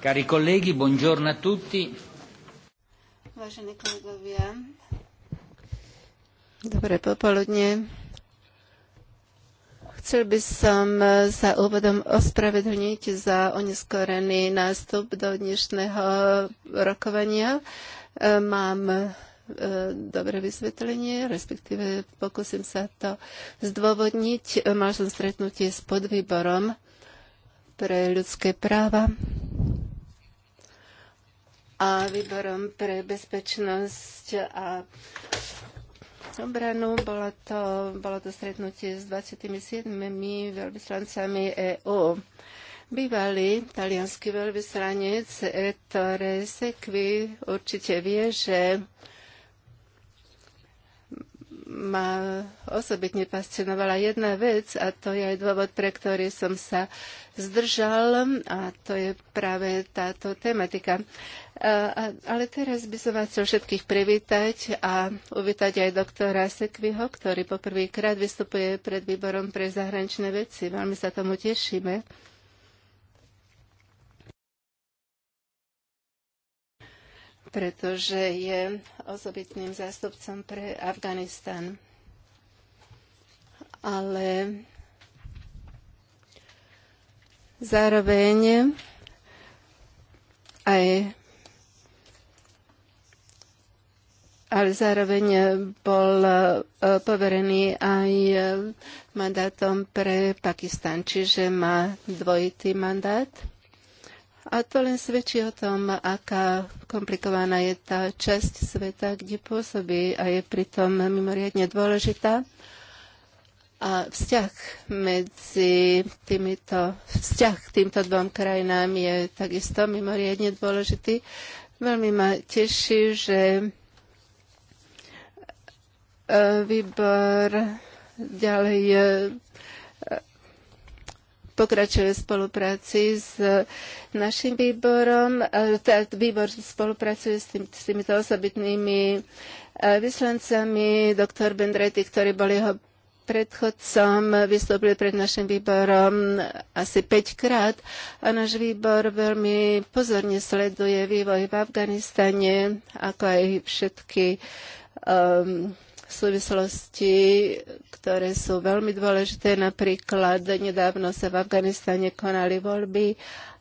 Cari colleghi, buongiorno a tutti. Vážení kolegovia, dobré popoludne. Chcel by som eh, sa úvodom ospravedlniť za oneskorený nástup do dnešného rokovania. Eh, mám eh, dobré vysvetlenie, respektíve pokúsim sa to zdôvodniť. Mal som stretnutie s podvýborom pre ľudské práva a výborom pre bezpečnosť a obranu. Bolo to, bolo to stretnutie s 27 veľvyslancami EÚ. Bývalý talianský veľvyslanec Ettore Sekvi určite vie, že ma osobitne fascinovala jedna vec a to je aj dôvod, pre ktorý som sa zdržal a to je práve táto tematika. A, ale teraz by som vás chcel všetkých privítať a uvítať aj doktora Sekviho, ktorý poprvýkrát vystupuje pred výborom pre zahraničné veci. Veľmi sa tomu tešíme. pretože je osobitným zástupcom pre Afganistan. Ale zároveň aj ale zároveň bol e, poverený aj e, mandátom pre Pakistan, čiže má dvojitý mandát. A to len svedčí o tom, aká komplikovaná je tá časť sveta, kde pôsobí a je pritom mimoriadne dôležitá. A vzťah medzi týmito, vzťah k týmto dvom krajinám je takisto mimoriadne dôležitý. Veľmi ma teší, že e, výbor ďalej e, pokračuje v spolupráci s našim výborom. E, tá výbor spolupracuje s, tým, s týmito osobitnými e, vyslancami. Doktor Bendrety, ktorý bol jeho predchodcom, vystúpil pred našim výborom asi 5 krát a náš výbor veľmi pozorne sleduje vývoj v Afganistane, ako aj všetky um, súvislosti, ktoré sú veľmi dôležité. Napríklad nedávno sa v Afganistane konali voľby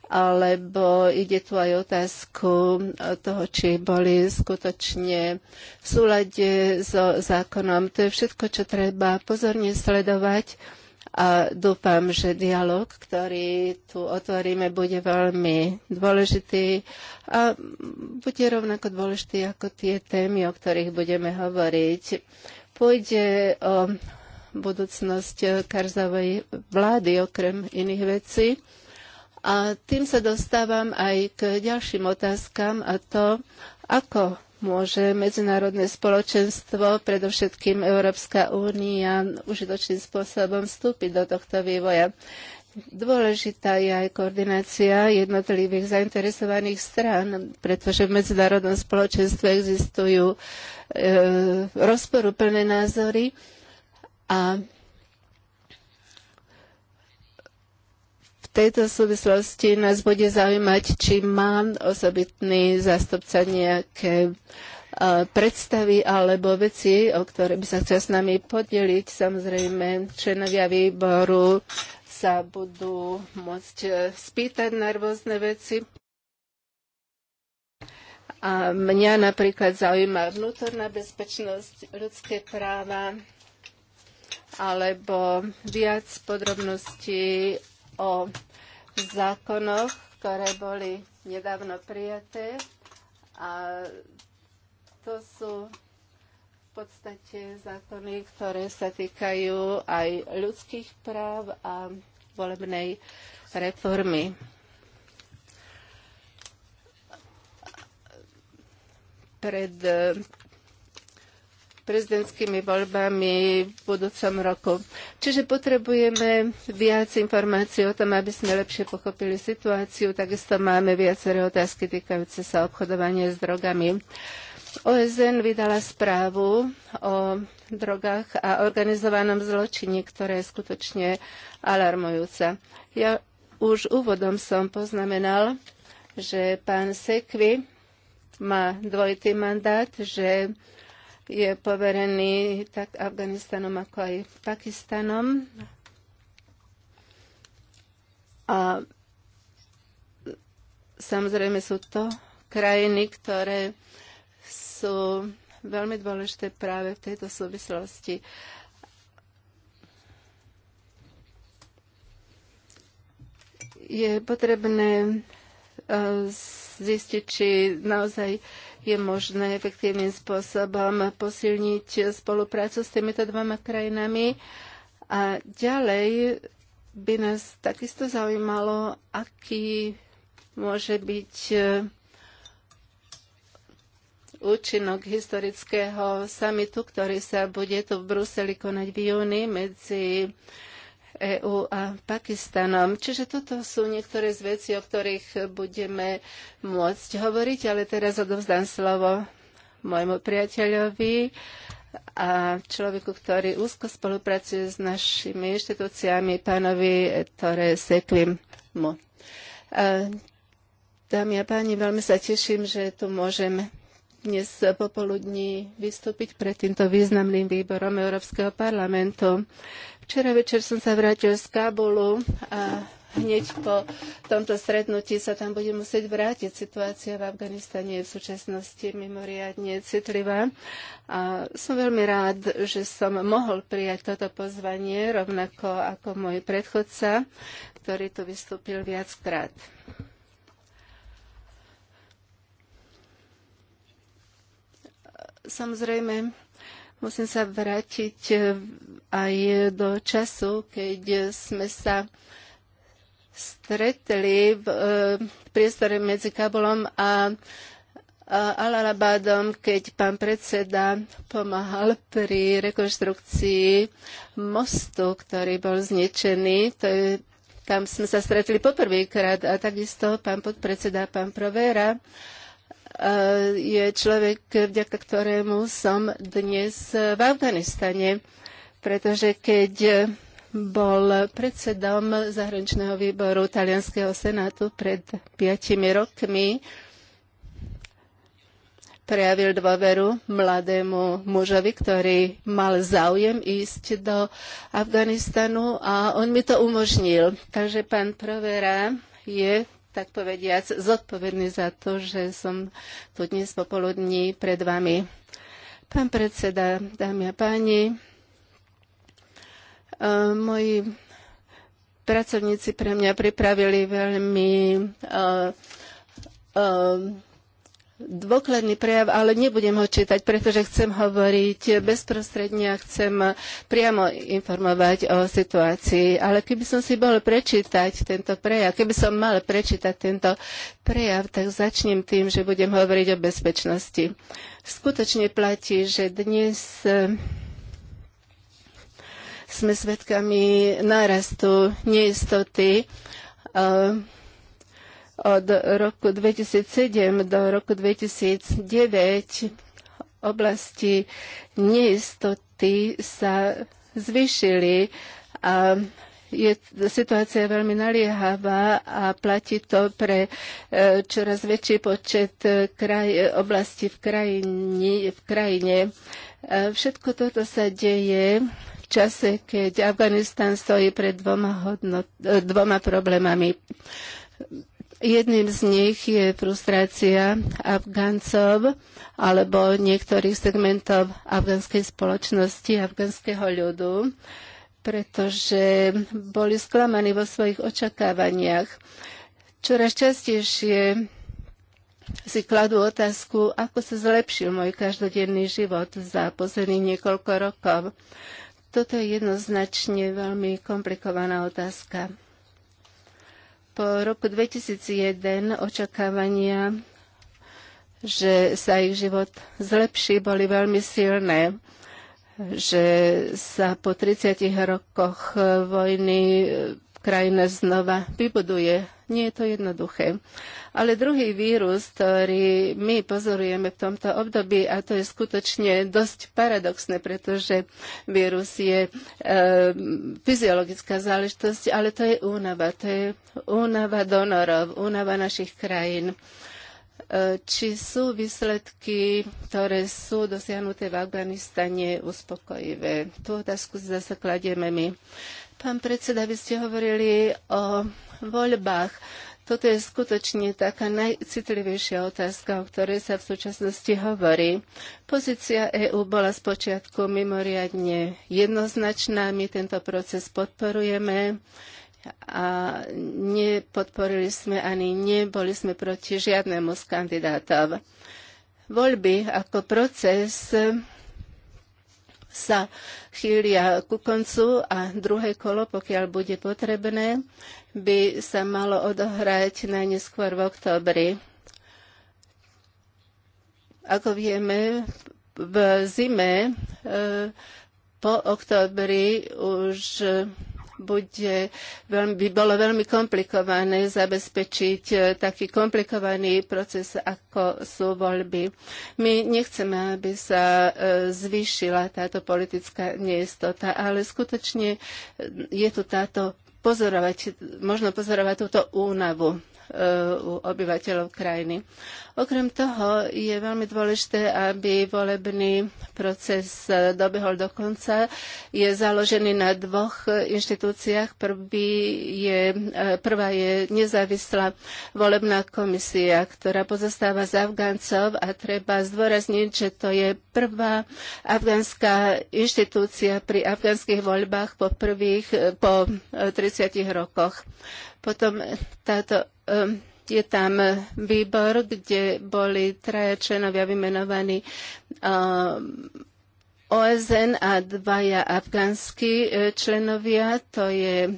alebo ide tu aj otázku toho, či boli skutočne v súlade so zákonom. To je všetko, čo treba pozorne sledovať a dúfam, že dialog, ktorý tu otvoríme, bude veľmi dôležitý a bude rovnako dôležitý ako tie témy, o ktorých budeme hovoriť. Pôjde o budúcnosť karzovej vlády, okrem iných vecí. A tým sa dostávam aj k ďalším otázkam a to, ako môže medzinárodné spoločenstvo, predovšetkým Európska únia, užitočným spôsobom vstúpiť do tohto vývoja. Dôležitá je aj koordinácia jednotlivých zainteresovaných strán, pretože v medzinárodnom spoločenstve existujú e, rozporúplné názory a tejto súvislosti nás bude zaujímať, či má osobitný zástupca nejaké e, predstavy alebo veci, o ktoré by sa chcel s nami podeliť. Samozrejme, členovia výboru sa budú môcť e, spýtať na rôzne veci. A mňa napríklad zaujíma vnútorná bezpečnosť, ľudské práva alebo viac podrobností o zákonoch, ktoré boli nedávno prijaté a to sú v podstate zákony, ktoré sa týkajú aj ľudských práv a volebnej reformy. Pred prezidentskými voľbami v budúcom roku. Čiže potrebujeme viac informácií o tom, aby sme lepšie pochopili situáciu. Takisto máme viaceré otázky týkajúce sa obchodovania s drogami. OSN vydala správu o drogách a organizovanom zločine, ktoré je skutočne alarmujúca. Ja už úvodom som poznamenal, že pán Sekvi má dvojitý mandát, že je poverený tak Afganistanom ako aj Pakistanom. A samozrejme sú to krajiny, ktoré sú veľmi dôležité práve v tejto súvislosti. Je potrebné eh, zistiť, či naozaj uh, je možné efektívnym spôsobom posilniť spoluprácu s týmito dvoma krajinami. A ďalej by nás takisto zaujímalo, aký môže byť e, účinok historického samitu, ktorý sa bude tu v Bruseli konať v júni medzi EÚ a Pakistanom. Čiže toto sú niektoré z vecí, o ktorých budeme môcť hovoriť, ale teraz odovzdám slovo môjmu priateľovi a človeku, ktorý úzko spolupracuje s našimi inštitúciami, pánovi Tore Sekvimu. E, dámy a páni, veľmi sa teším, že tu môžem dnes popoludní vystúpiť pred týmto významným výborom Európskeho parlamentu. Včera večer som sa vrátil z Kábulu a hneď po tomto stretnutí sa tam budem musieť vrátiť. Situácia v Afganistane je v súčasnosti mimoriadne citlivá a som veľmi rád, že som mohol prijať toto pozvanie, rovnako ako môj predchodca, ktorý tu vystúpil viackrát. Samozrejme, Musím sa vrátiť eh, aj do času, keď sme sa stretli v eh, priestore medzi Kabulom a Alalabadom, keď pán predseda pomáhal pri rekonštrukcii mostu, ktorý bol zničený. To je, tam sme sa stretli poprvýkrát a takisto pán podpredseda, pán Provera Eh, je človek, vďaka ktorému som dnes v Afganistane, pretože keď bol predsedom zahraničného výboru Talianského senátu pred piatimi rokmi, prejavil dôveru mladému mužovi, ktorý mal záujem ísť do Afganistanu a on mi to umožnil. Takže pán Provera je tak povediac, zodpovedný za to, že som tu dnes popoludní pred vami. Pán predseda, dámy a páni, e, moji pracovníci pre mňa pripravili veľmi uh, uh, dôkladný prejav, ale nebudem ho čítať, pretože chcem hovoriť bezprostredne a chcem priamo informovať o situácii. Ale keby som si bol prečítať tento prejav, keby som mal prečítať tento prejav, tak začnem tým, že budem hovoriť o bezpečnosti. Skutočne platí, že dnes eh, sme svedkami nárastu neistoty, eh, od roku 2007 do roku 2009 oblasti neistoty sa zvyšili a je situácia veľmi naliehavá a platí to pre e, čoraz väčší počet e, kraj, oblasti v, krajini, v krajine. E, všetko toto sa deje v čase, keď Afganistan stojí pred dvoma, hodnot, dvoma problémami. Jedným z nich je frustrácia Afgáncov alebo niektorých segmentov afgánskej spoločnosti, afgánskeho ľudu, pretože boli sklamaní vo svojich očakávaniach. Čoraz častejšie si kladú otázku, ako sa zlepšil môj každodenný život za posledných niekoľko rokov. Toto je jednoznačne veľmi komplikovaná otázka. Po roku 2001 očakávania, že sa ich život zlepší, boli veľmi silné že sa po 30 rokoch vojny e, krajina znova vybuduje nie je to jednoduché. Ale druhý vírus, ktorý my pozorujeme v tomto období, a to je skutočne dosť paradoxné, pretože vírus je e, fyziologická záležitosť, ale to je únava. To je únava donorov, únava našich krajín eh, či sú výsledky, ktoré sú dosiahnuté v Afganistane, uspokojivé. Tú otázku zase kladieme my. Pán predseda, vy ste hovorili o voľbách. Toto je skutočne taká najcitlivejšia otázka, o ktorej sa v súčasnosti hovorí. Pozícia EÚ bola spočiatku mimoriadne jednoznačná. My tento proces podporujeme a nepodporili sme ani neboli sme proti žiadnemu z kandidátov. Voľby ako proces sa chýlia ku koncu a druhé kolo, pokiaľ bude potrebné, by sa malo odohrať najneskôr v oktobri. Ako vieme, v zime e, po oktobri už bude veľmi, by bolo veľmi komplikované zabezpečiť e, taký komplikovaný proces, ako sú voľby. My nechceme, aby sa e, zvýšila táto politická neistota, ale skutočne e, je tu táto pozorovať, možno pozorovať túto únavu u obyvateľov krajiny. Okrem toho je veľmi dôležité, aby volebný proces e, dobehol do konca. Je založený na dvoch inštitúciách. Prvý je, e, prvá je nezávislá volebná komisia, ktorá pozostáva z Afgáncov a treba zdôrazniť, že to je prvá afgánska inštitúcia pri afgánskych voľbách po, prvých, e, po 30 rokoch. Potom táto Ehm, je tam výbor, kde boli traja členovia vymenovaní ehm, OSN a dvaja afgánsky e, členovia. To je,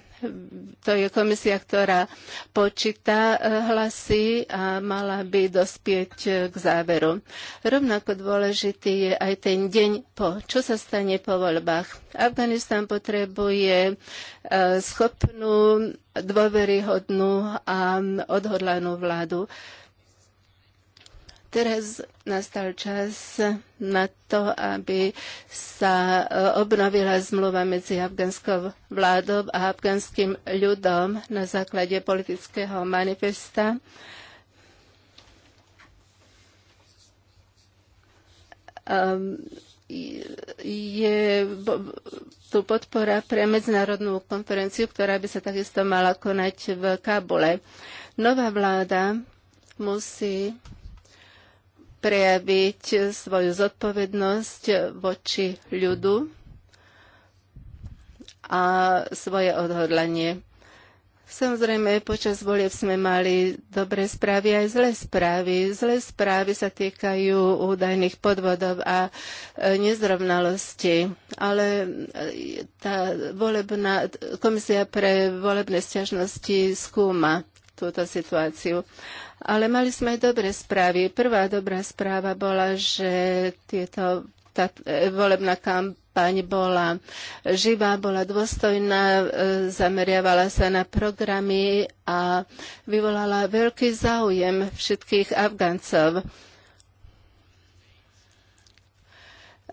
to je komisia, ktorá počíta e, hlasy a mala by dospieť e, k záveru. Rovnako dôležitý je aj ten deň po. Čo sa stane po voľbách? Afganistan potrebuje schopnú dôveryhodnú a odhodlanú vládu. Teraz nastal čas na to, aby sa e, obnovila zmluva medzi afgánskou vládou a afgánským ľudom na základe politického manifesta. Um, je tu podpora pre medzinárodnú konferenciu, ktorá by sa takisto mala konať v Kabule. Nová vláda musí prejaviť svoju zodpovednosť voči ľudu a svoje odhodlanie. Samozrejme, počas volieb sme mali dobré správy aj zlé správy. Zlé správy sa týkajú údajných podvodov a e, nezrovnalosti, ale e, tá volebná, komisia pre volebné stiažnosti skúma túto situáciu. Ale mali sme aj dobré správy. Prvá dobrá správa bola, že tieto tá e, volebná kamp kampaň bola živá, bola dôstojná, e, zameriavala sa na programy a vyvolala veľký záujem všetkých Afgáncov.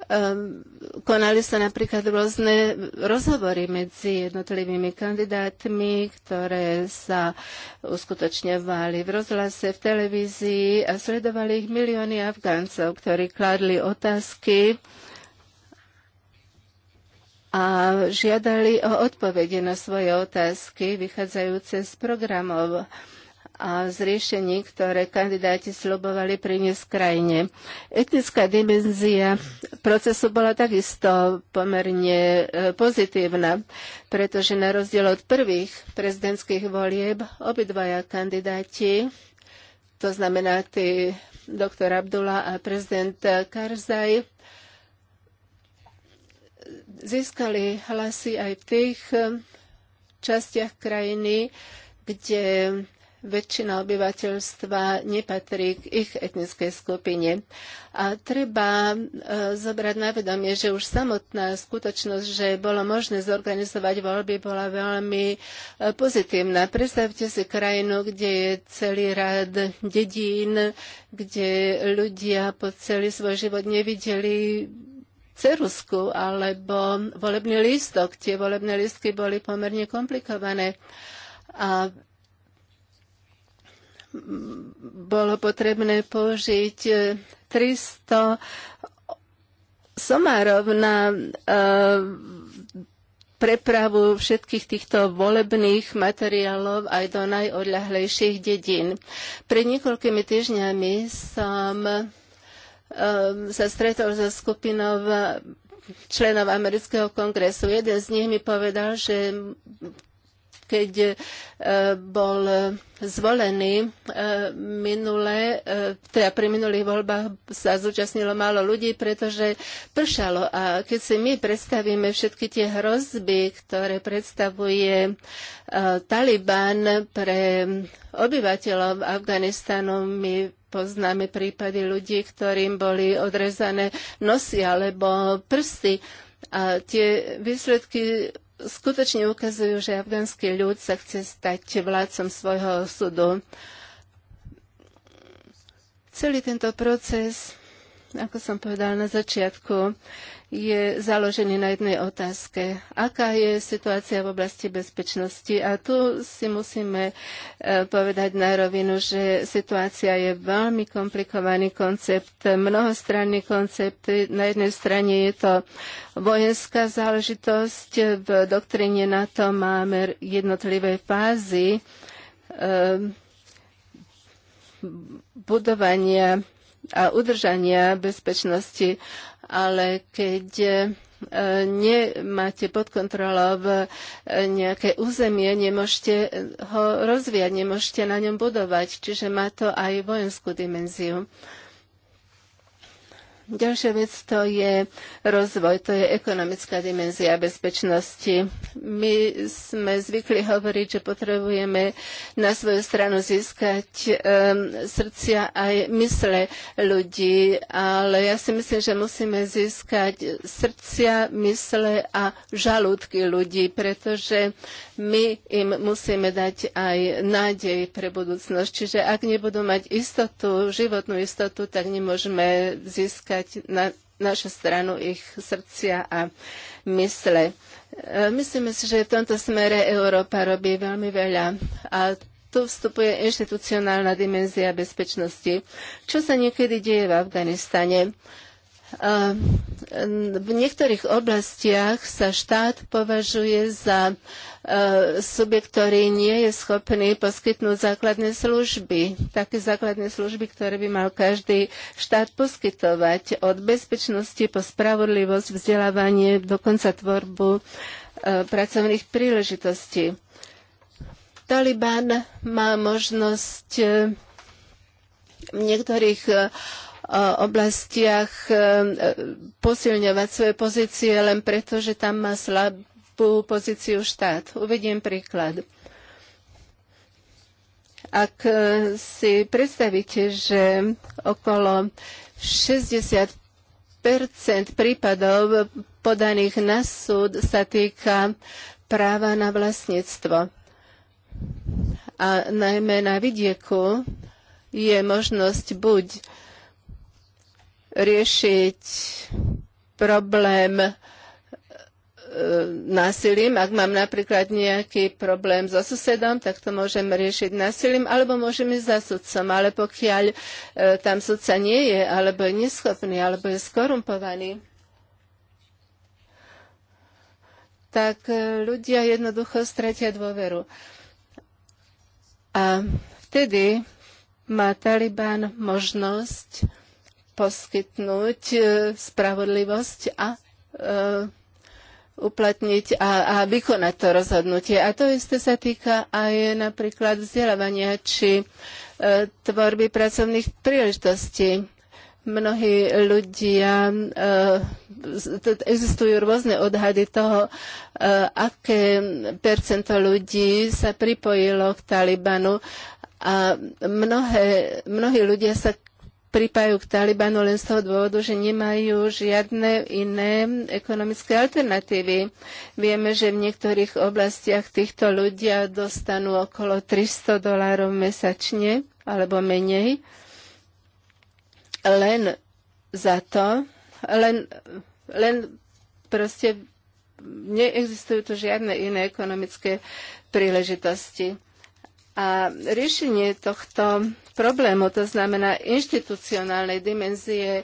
Ehm, konali sa napríklad rôzne rozhovory medzi jednotlivými kandidátmi, ktoré sa uskutočňovali v rozhlase, v televízii a sledovali ich milióny Afgáncov, ktorí kladli otázky a žiadali o odpovede na svoje otázky vychádzajúce z programov a z riešení, ktoré kandidáti slobovali priniesť krajine. Etnická dimenzia procesu bola takisto pomerne e, pozitívna, pretože na rozdiel od prvých prezidentských volieb obidvaja kandidáti, to znamená tí doktor Abdullah a prezident Karzaj, získali hlasy aj v tých eh, častiach krajiny, kde väčšina obyvateľstva nepatrí k ich etnickej skupine. A treba e, zobrať na vedomie, že už samotná skutočnosť, že bolo možné zorganizovať voľby, bola veľmi e, pozitívna. Predstavte si krajinu, kde je celý rád dedín, kde ľudia po celý svoj život nevideli cerusku alebo volebný lístok. Tie volebné lístky boli pomerne komplikované. A bolo potrebné použiť 300 eh, somárov na eh, prepravu všetkých týchto volebných materiálov aj do najodľahlejších dedín. Pred niekoľkými týždňami som Ehm, sa stretol so skupinou členov amerického kongresu. Jeden z nich mi povedal, že keď e, bol zvolený e, minule, e, teda pri minulých voľbách sa zúčastnilo málo ľudí, pretože pršalo. A keď si my predstavíme všetky tie hrozby, ktoré predstavuje Taliban pre obyvateľov Afganistanu, my poznáme prípady ľudí, ktorým boli odrezané nosy alebo prsty. A tie výsledky skutočne ukazujú, že afgánsky ľud sa chce stať vládcom svojho osudu. Celý tento proces ako som povedala na začiatku, je založený na jednej otázke. Aká je situácia v oblasti bezpečnosti? A tu si musíme e, povedať na rovinu, že situácia je veľmi komplikovaný koncept, mnohostranný koncept. Na jednej strane je to vojenská záležitosť. V doktríne NATO máme jednotlivé fázy e, budovania a udržania bezpečnosti, ale keď e, nemáte pod kontrolou e, nejaké územie, nemôžete ho rozvíjať, nemôžete na ňom budovať, čiže má to aj vojenskú dimenziu. Ďalšia vec to je rozvoj, to je ekonomická dimenzia bezpečnosti. My sme zvykli hovoriť, že potrebujeme na svoju stranu získať um, srdcia aj mysle ľudí, ale ja si myslím, že musíme získať srdcia, mysle a žalúdky ľudí, pretože my im musíme dať aj nádej pre budúcnosť. Čiže ak nebudú mať istotu, životnú istotu, tak nemôžeme získať dať na našu stranu ich srdcia a mysle. E, Myslím si, že v tomto smere Európa robí veľmi veľa a tu vstupuje inštitucionálna dimenzia bezpečnosti. Čo sa niekedy deje v Afganistane? V niektorých oblastiach sa štát považuje za subjekt, ktorý nie je schopný poskytnúť základné služby. Také základné služby, ktoré by mal každý štát poskytovať. Od bezpečnosti po spravodlivosť, vzdelávanie, dokonca tvorbu pracovných príležitostí. Taliban má možnosť e, v niektorých e, E, oblastiach e, e, posilňovať svoje pozície len preto, že tam má slabú pozíciu štát. Uvediem príklad. Ak si predstavíte, že okolo 60 prípadov podaných na súd sa týka práva na vlastníctvo. A najmä na vidieku je možnosť buď riešiť problém e, násilím. Ak mám napríklad nejaký problém so susedom, tak to môžem riešiť násilím, alebo môžem ísť za sudcom. Ale pokiaľ e, tam sudca nie je, alebo je neschopný, alebo je skorumpovaný, tak e, ľudia jednoducho stratia dôveru. A vtedy má Taliban možnosť poskytnúť e, spravodlivosť a e, uplatniť a, a vykonať to rozhodnutie. A to isté sa týka aj napríklad vzdelávania či e, tvorby pracovných príležitostí. Mnohí ľudia, e, existujú rôzne odhady toho, e, aké percento ľudí sa pripojilo k Talibanu a mnohé, mnohí ľudia sa pripájajú k Talibanu len z toho dôvodu, že nemajú žiadne iné ekonomické alternatívy. Vieme, že v niektorých oblastiach týchto ľudia dostanú okolo 300 dolárov mesačne alebo menej len za to, len, len proste neexistujú tu žiadne iné ekonomické príležitosti. A riešenie tohto problému, to znamená inštitucionálnej dimenzie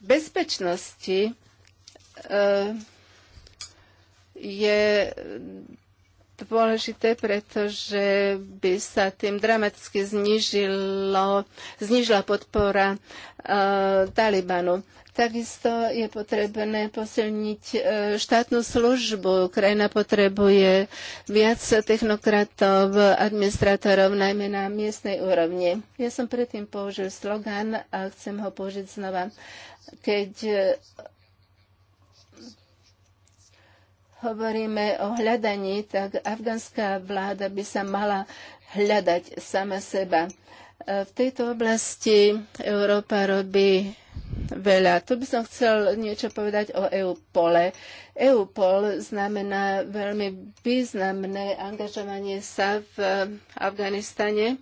bezpečnosti, e, je dôležité, pretože by sa tým dramaticky znižilo, znižila podpora uh, Talibanu. Takisto je potrebné posilniť e, štátnu službu. Krajina potrebuje viac technokratov, administratorov najmä na miestnej úrovni. Ja som predtým použil slogan a chcem ho použiť znova. Keď e, hovoríme o hľadaní, tak afgánska vláda by sa mala hľadať sama seba. E, v tejto oblasti Európa robí veľa. Tu by som chcel niečo povedať o EUPOLe. EUPOL znamená veľmi významné angažovanie sa v Afganistane.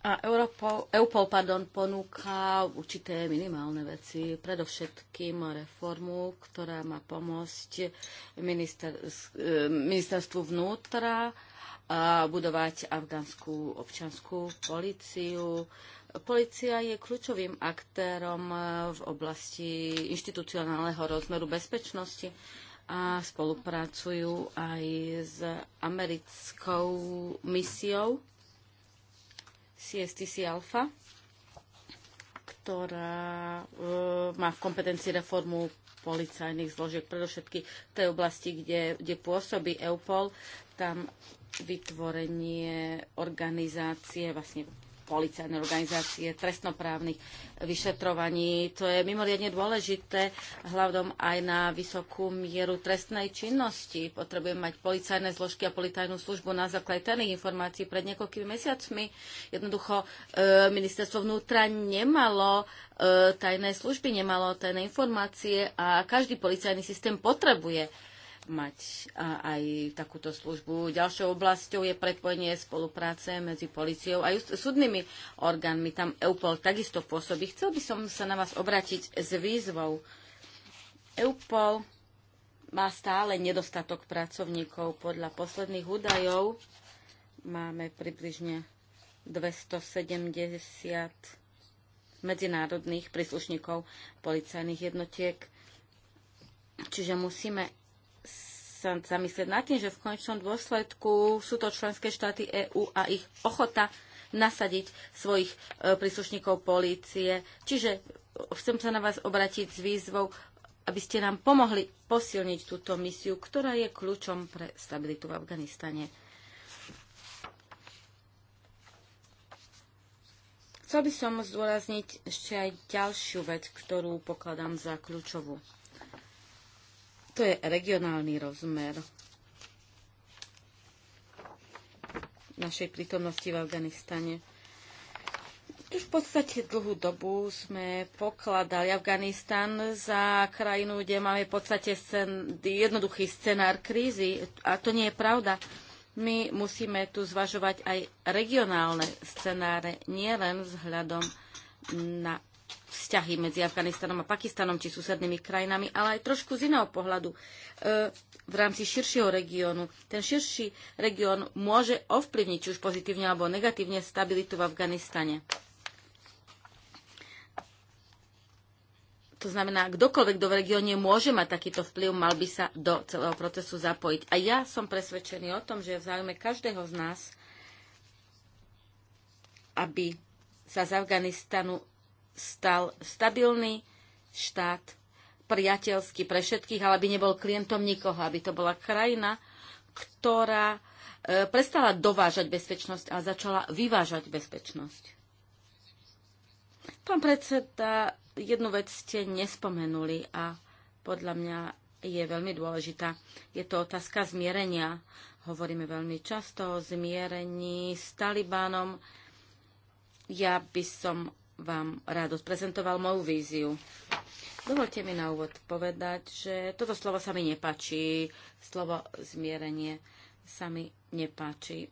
A Europol, EUPOL pardon, ponúka určité minimálne veci, predovšetkým reformu, ktorá má pomôcť minister, e, ministerstvu vnútra a budovať afgánsku občanskú políciu, Polícia je kľúčovým aktérom e, v oblasti inštitucionálneho rozmeru bezpečnosti a spolupracujú aj s americkou misiou CSTC Alpha, ktorá e, má v kompetencii reformu policajných zložiek, predovšetky v tej oblasti, kde, kde pôsobí EUPOL, tam vytvorenie organizácie, vlastne policajné organizácie, trestnoprávnych vyšetrovaní. To je mimoriadne dôležité, hľadom aj na vysokú mieru trestnej činnosti. Potrebujeme mať policajné zložky a policajnú službu na základe tajných informácií pred niekoľkými mesiacmi. Jednoducho e, ministerstvo vnútra nemalo e, tajné služby, nemalo tajné informácie a každý policajný systém potrebuje mať aj takúto službu. Ďalšou oblasťou je prepojenie spolupráce medzi policiou a súdnymi orgánmi. Tam EUPOL takisto pôsobí. Chcel by som sa na vás obrátiť s výzvou. EUPOL má stále nedostatok pracovníkov. Podľa posledných údajov máme približne 270 medzinárodných príslušníkov policajných jednotiek. Čiže musíme sa zamyslieť nad tým, že v konečnom dôsledku sú to členské štáty EÚ a ich ochota nasadiť svojich e, príslušníkov polície. Čiže e, chcem sa na vás obratiť s výzvou, aby ste nám pomohli posilniť túto misiu, ktorá je kľúčom pre stabilitu v Afganistane. Chcel by som zdôrazniť ešte aj ďalšiu vec, ktorú pokladám za kľúčovú. To je regionálny rozmer našej prítomnosti v Afganistane. Už v podstate dlhú dobu sme pokladali Afganistan za krajinu, kde máme v podstate sen, jednoduchý scenár krízy. A to nie je pravda. My musíme tu zvažovať aj regionálne scenáre, nielen vzhľadom na vzťahy medzi Afganistanom a Pakistanom či susednými krajinami, ale aj trošku z iného pohľadu e, v rámci širšieho regiónu. Ten širší región môže ovplyvniť či už pozitívne alebo negatívne stabilitu v Afganistane. To znamená, kdokoľvek do v regióne môže mať takýto vplyv, mal by sa do celého procesu zapojiť. A ja som presvedčený o tom, že v záujme každého z nás, aby sa z Afganistanu stal stabilný štát, priateľský pre všetkých, ale aby nebol klientom nikoho, aby to bola krajina, ktorá e, prestala dovážať bezpečnosť a začala vyvážať bezpečnosť. Pán predseda, jednu vec ste nespomenuli a podľa mňa je veľmi dôležitá. Je to otázka zmierenia. Hovoríme veľmi často o zmierení s Talibanom. Ja by som vám rád odprezentoval moju víziu. Dovolte mi na úvod povedať, že toto slovo sa mi nepáči, slovo zmierenie sa mi nepáči.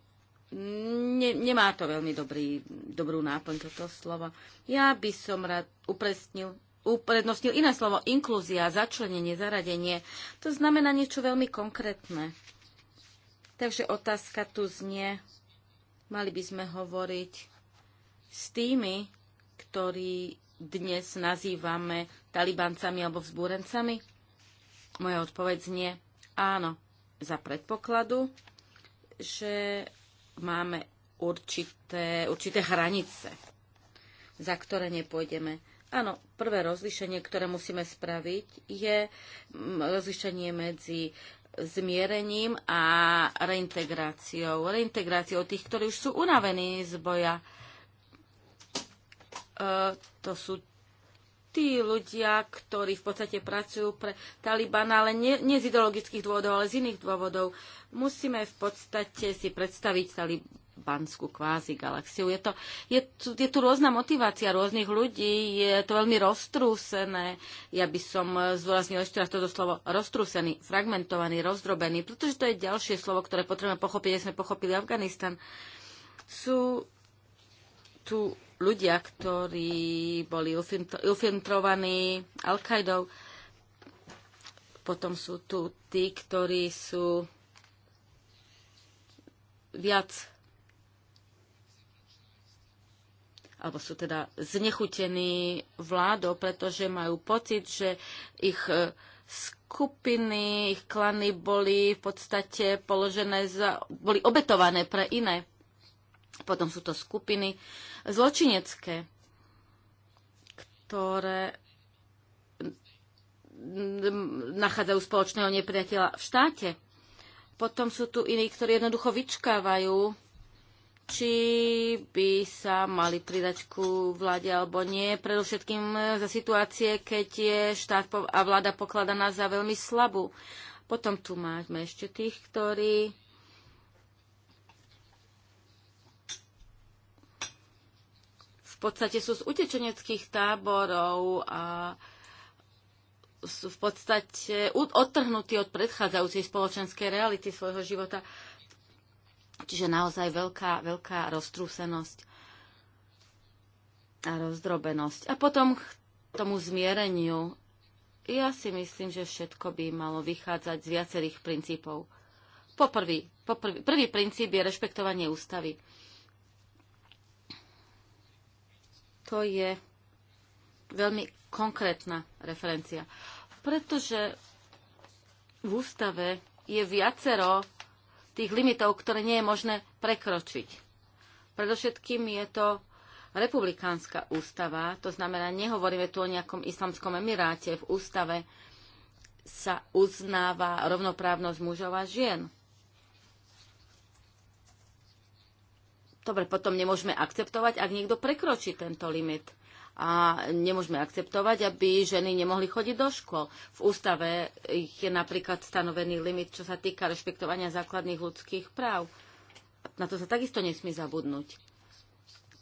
Ne, nemá to veľmi dobrý, dobrú náplň toto slovo. Ja by som rád upresnil, uprednostnil iné slovo, inklúzia, začlenenie, zaradenie. To znamená niečo veľmi konkrétne. Takže otázka tu znie, mali by sme hovoriť s tými, ktorí dnes nazývame talibancami alebo vzbúrencami? Moja odpoveď nie. Áno, za predpokladu, že máme určité, určité hranice, za ktoré nepôjdeme. Áno, prvé rozlišenie, ktoré musíme spraviť, je mm, rozlišenie medzi zmierením a reintegráciou. Reintegráciou tých, ktorí už sú unavení z boja E, to sú tí ľudia, ktorí v podstate pracujú pre Talibana, ale nie, nie z ideologických dôvodov, ale z iných dôvodov. Musíme v podstate si predstaviť talibanskú kvázi galaxiu. Je, to, je, tu, je tu rôzna motivácia rôznych ľudí, je to veľmi roztrúsené. Ja by som zdôraznil ešte raz toto slovo roztrúsený, fragmentovaný, rozdrobený, pretože to je ďalšie slovo, ktoré potrebujeme pochopiť, keď sme pochopili Afganistan. Sú tu ľudia, ktorí boli infiltrovaní Al-Qaidou. Potom sú tu tí, ktorí sú viac alebo sú teda znechutení vládou, pretože majú pocit, že ich e, skupiny, ich klany boli v podstate položené za, boli obetované pre iné. Potom sú to skupiny zločinecké, ktoré nachádzajú spoločného nepriateľa v štáte. Potom sú tu iní, ktorí jednoducho vyčkávajú, či by sa mali pridať ku vláde alebo nie. Predovšetkým za situácie, keď je štát a vláda pokladaná za veľmi slabú. Potom tu máme ešte tých, ktorí podstate sú z utečeneckých táborov a sú v podstate odtrhnutí od predchádzajúcej spoločenskej reality svojho života. Čiže naozaj veľká, veľká roztrúsenosť a rozdrobenosť. A potom k tomu zmiereniu. Ja si myslím, že všetko by malo vychádzať z viacerých princípov. Poprvý, poprvý, prvý princíp je rešpektovanie ústavy. To je veľmi konkrétna referencia. Pretože v ústave je viacero tých limitov, ktoré nie je možné prekročiť. Predovšetkým je to republikánska ústava, to znamená, nehovoríme tu o nejakom islamskom emiráte, v ústave sa uznáva rovnoprávnosť mužov a žien. Dobre, potom nemôžeme akceptovať, ak niekto prekročí tento limit. A nemôžeme akceptovať, aby ženy nemohli chodiť do škôl. V ústave je napríklad stanovený limit, čo sa týka rešpektovania základných ľudských práv. Na to sa takisto nesmí zabudnúť.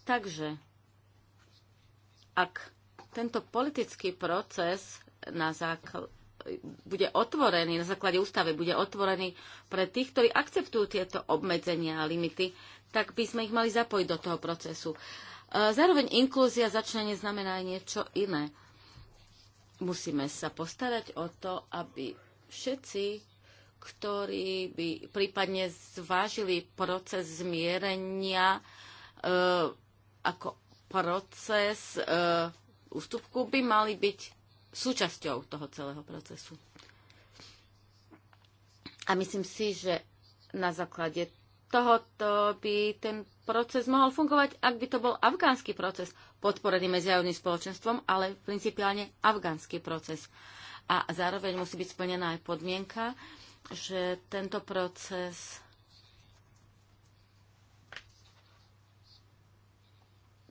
Takže, ak tento politický proces na zákl- bude otvorený, na základe ústave bude otvorený pre tých, ktorí akceptujú tieto obmedzenia a limity, tak by sme ich mali zapojiť do toho procesu. E, zároveň inklúzia začlenie znamená aj niečo iné. Musíme sa postarať o to, aby všetci, ktorí by prípadne zvážili proces zmierenia e, ako proces e, ústupku, by mali byť súčasťou toho celého procesu. A myslím si, že na základe tohoto by ten proces mohol fungovať, ak by to bol afgánsky proces, podporený medzinárodným spoločenstvom, ale principiálne afgánsky proces. A zároveň musí byť splnená aj podmienka, že tento proces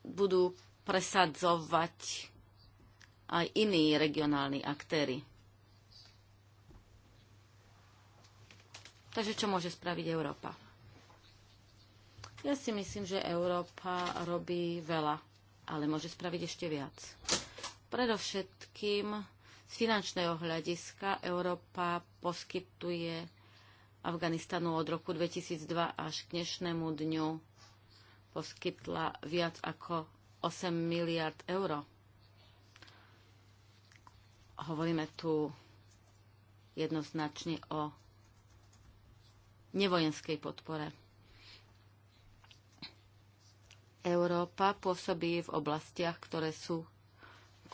budú presadzovať aj iní regionálni aktéry. Takže čo môže spraviť Európa? Ja si myslím, že Európa robí veľa, ale môže spraviť ešte viac. Predovšetkým z finančného hľadiska Európa poskytuje Afganistanu od roku 2002 až k dnešnému dňu poskytla viac ako 8 miliard euro. Hovoríme tu jednoznačne o nevojenskej podpore. Európa pôsobí v oblastiach, ktoré sú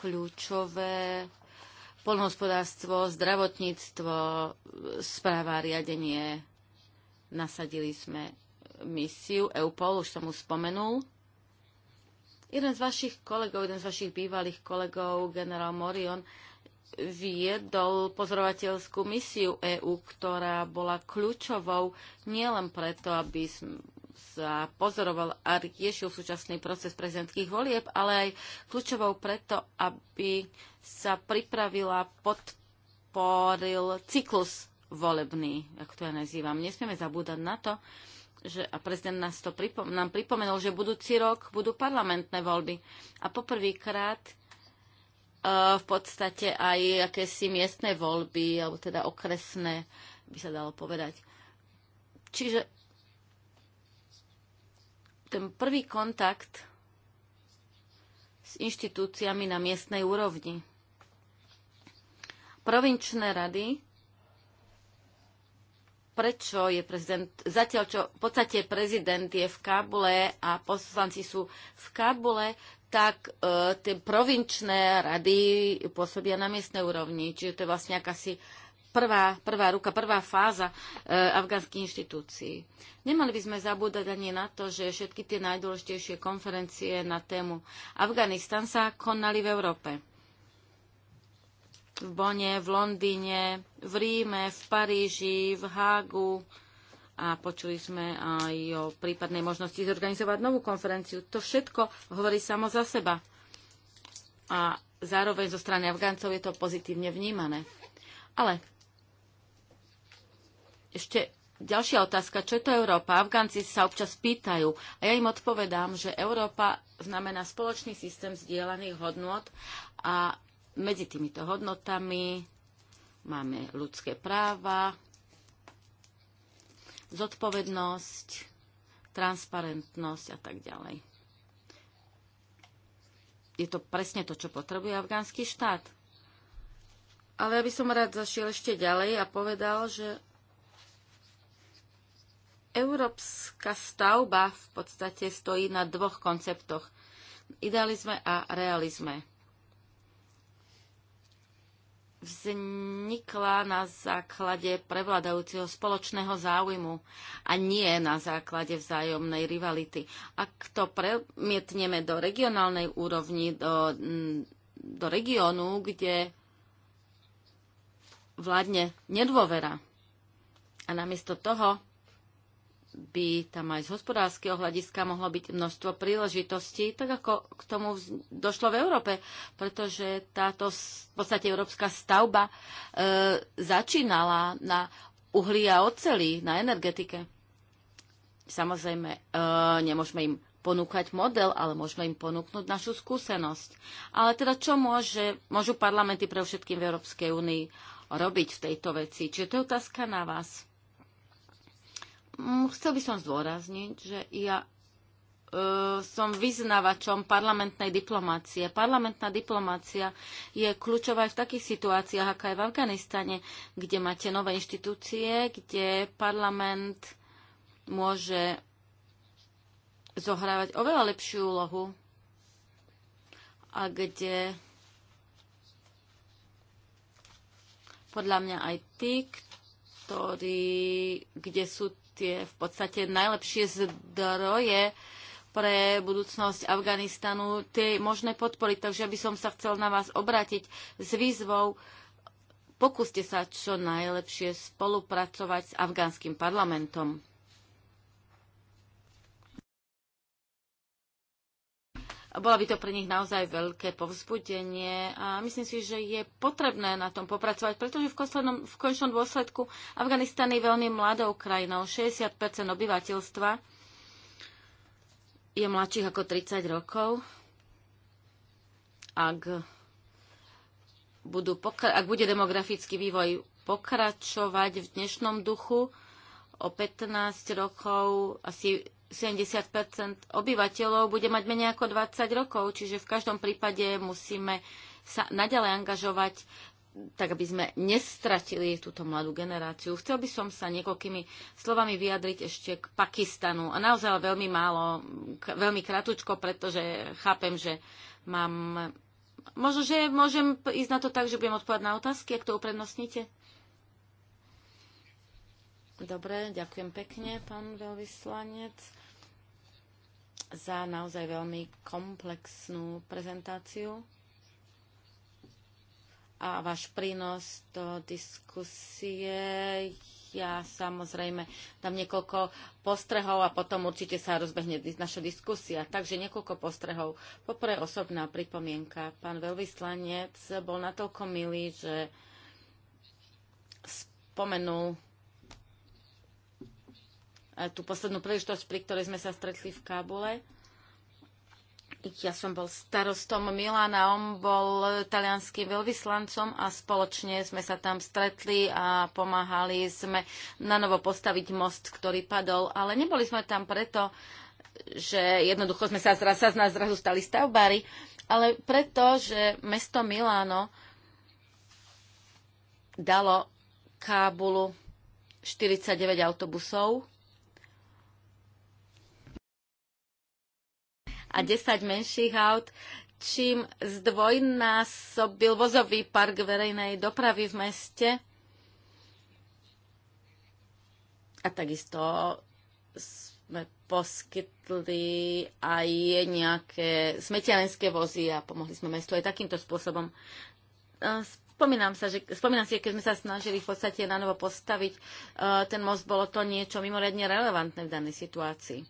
kľúčové. Polnohospodárstvo, zdravotníctvo, správa, riadenie. Nasadili sme misiu EUPOL, už som mu spomenul. Jeden z vašich kolegov, jeden z vašich bývalých kolegov, generál Morion, viedol pozorovateľskú misiu EÚ, ktorá bola kľúčovou nielen preto, aby sa pozoroval a riešil súčasný proces prezidentských volieb, ale aj kľúčovou preto, aby sa pripravila, podporil cyklus volebný, ako to ja nazývam. Nesmieme zabúdať na to, že, a prezident nás to pripom- nám pripomenul, že budúci rok budú parlamentné voľby. A poprvýkrát Eh, v podstate aj akési miestne voľby, alebo teda okresné, by sa dalo povedať. Čiže ten prvý kontakt s inštitúciami na miestnej úrovni. Provinčné rady, prečo je prezident, zatiaľ čo v podstate prezident je v Kabule a poslanci sú v Kabule, tak e, tie provinčné rady pôsobia na miestnej úrovni. Čiže to je vlastne akási prvá, prvá ruka, prvá fáza e, afgánskych inštitúcií. Nemali by sme zabúdať ani na to, že všetky tie najdôležitejšie konferencie na tému Afganistan sa konali v Európe. V Bone, v Londýne, v Ríme, v Paríži, v Hágu, a počuli sme aj o prípadnej možnosti zorganizovať novú konferenciu. To všetko hovorí samo za seba. A zároveň zo strany Afgáncov je to pozitívne vnímané. Ale ešte ďalšia otázka. Čo je to Európa? Afgánci sa občas pýtajú a ja im odpovedám, že Európa znamená spoločný systém zdieľaných hodnot a medzi týmito hodnotami máme ľudské práva, zodpovednosť, transparentnosť a tak ďalej. Je to presne to, čo potrebuje afgánsky štát. Ale ja by som rád zašiel ešte ďalej a povedal, že európska stavba v podstate stojí na dvoch konceptoch. Idealizme a realizme vznikla na základe prevladajúceho spoločného záujmu a nie na základe vzájomnej rivality. Ak to premietneme do regionálnej úrovni, do, mm, do regiónu, kde vládne nedôvera a namiesto toho by tam aj z hospodárskeho hľadiska mohlo byť množstvo príležitostí, tak ako k tomu došlo v Európe, pretože táto v podstate európska stavba e, začínala na uhlí a oceli, na energetike. Samozrejme, e, nemôžeme im ponúkať model, ale môžeme im ponúknuť našu skúsenosť. Ale teda čo môže, môžu parlamenty pre všetkým v Európskej únii robiť v tejto veci? Čiže to je otázka na vás. Mm, chcel by som zdôrazniť, že ja e, som vyznávačom parlamentnej diplomácie. Parlamentná diplomácia je kľúčová aj v takých situáciách, aká je v Afganistane, kde máte nové inštitúcie, kde parlament môže zohrávať oveľa lepšiu úlohu a kde podľa mňa aj tí, ktorí, kde sú tie v podstate najlepšie zdroje pre budúcnosť Afganistanu, tie možné podporiť. Takže by som sa chcel na vás obrátiť s výzvou, pokúste sa čo najlepšie spolupracovať s afgánskym parlamentom. Bola by to pre nich naozaj veľké povzbudenie a myslím si, že je potrebné na tom popracovať, pretože v, koslednom, v končnom dôsledku Afganistan je veľmi mladou krajinou. 60 obyvateľstva je mladších ako 30 rokov. Ak, budú ak bude demografický vývoj pokračovať v dnešnom duchu, o 15 rokov asi 70 obyvateľov bude mať menej ako 20 rokov, čiže v každom prípade musíme sa naďalej angažovať tak aby sme nestratili túto mladú generáciu. Chcel by som sa niekoľkými slovami vyjadriť ešte k Pakistanu. A naozaj veľmi málo, veľmi kratučko, pretože chápem, že mám... Možno, že môžem ísť na to tak, že budem odpovedať na otázky, ak to uprednostníte. Dobre, ďakujem pekne, pán veľvyslanec za naozaj veľmi komplexnú prezentáciu a váš prínos do diskusie. Ja samozrejme dám niekoľko postrehov a potom určite sa rozbehne naša diskusia. Takže niekoľko postrehov. Poprvé osobná pripomienka. Pán veľvyslanec bol natoľko milý, že spomenul E, tú poslednú príležitosť, pri ktorej sme sa stretli v Kábule. Ja som bol starostom Milana, on bol talianským veľvyslancom a spoločne sme sa tam stretli a pomáhali sme na novo postaviť most, ktorý padol. Ale neboli sme tam preto, že jednoducho sme sa, zra, sa z nás zrazu stali stavbári, ale preto, že mesto Miláno dalo Kábulu 49 autobusov a 10 menších aut, čím zdvojnásobil vozový park verejnej dopravy v meste. A takisto sme poskytli aj nejaké smetianenské vozy a pomohli sme mestu aj takýmto spôsobom. Spomínam, sa, že, spomínam si, keď sme sa snažili v podstate na novo postaviť e, ten most, bolo to niečo mimoriadne relevantné v danej situácii.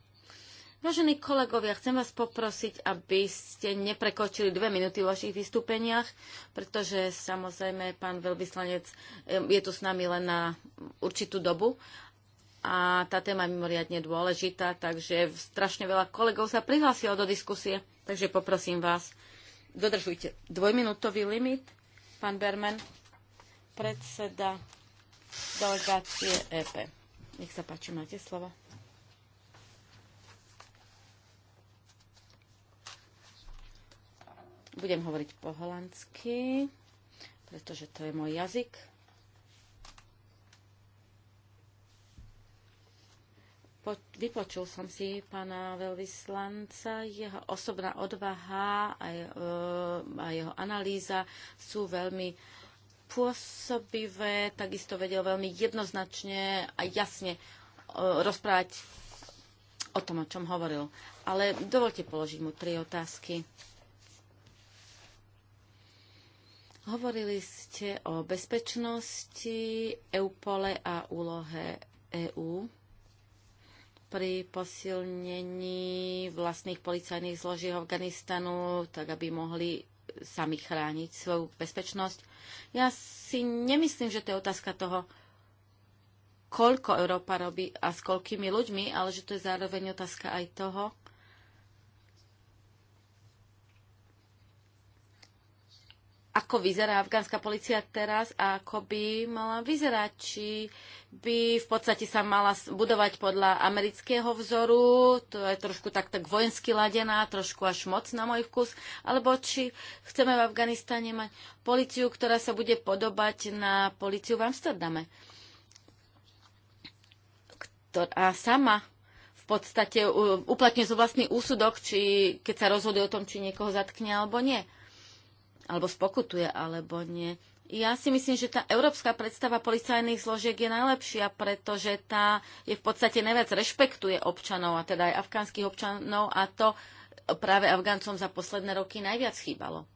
Vážení kolegovia, chcem vás poprosiť, aby ste neprekočili dve minúty v vašich vystúpeniach, pretože samozrejme pán veľvyslanec je tu s nami len na určitú dobu a tá téma je mimoriadne dôležitá, takže strašne veľa kolegov sa prihlásilo do diskusie, takže poprosím vás, dodržujte dvojminútový limit, pán Berman, predseda delegácie EP. Nech sa páči, máte slovo. Budem hovoriť po holandsky, pretože to je môj jazyk. Po, vypočul som si pána veľvyslanca, jeho osobná odvaha a, e, a jeho analýza sú veľmi pôsobivé, takisto vedel veľmi jednoznačne a jasne e, rozprávať o tom, o čom hovoril. Ale dovolte položiť mu tri otázky. Hovorili ste o bezpečnosti EUPOLE a úlohe EÚ pri posilnení vlastných policajných zloží Afganistanu, tak aby mohli sami chrániť svoju bezpečnosť. Ja si nemyslím, že to je otázka toho, koľko Európa robí a s koľkými ľuďmi, ale že to je zároveň otázka aj toho, ako vyzerá afgánska policia teraz a ako by mala vyzerať, či by v podstate sa mala budovať podľa amerického vzoru, to je trošku tak, tak vojensky ladená, trošku až moc na môj vkus, alebo či chceme v Afganistane mať policiu, ktorá sa bude podobať na policiu v Amsterdame, A sama v podstate uplatňuje svoj vlastný úsudok, či keď sa rozhoduje o tom, či niekoho zatkne alebo nie alebo spokutuje, alebo nie. Ja si myslím, že tá európska predstava policajných zložiek je najlepšia, pretože tá je v podstate najviac rešpektuje občanov, a teda aj afgánskych občanov, a to práve Afgáncom za posledné roky najviac chýbalo.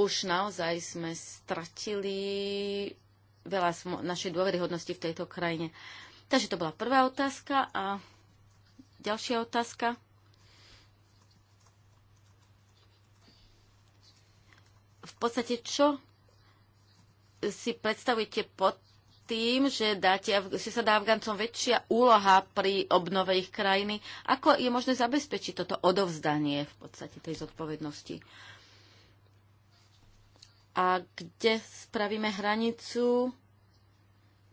Už naozaj sme stratili veľa našej dôveryhodnosti v tejto krajine. Takže to bola prvá otázka a Ďalšia otázka. V podstate čo si predstavujete pod tým, že, dáte, že sa dá Afgáncom väčšia úloha pri obnove ich krajiny. Ako je možné zabezpečiť toto odovzdanie v podstate tej zodpovednosti? A kde spravíme hranicu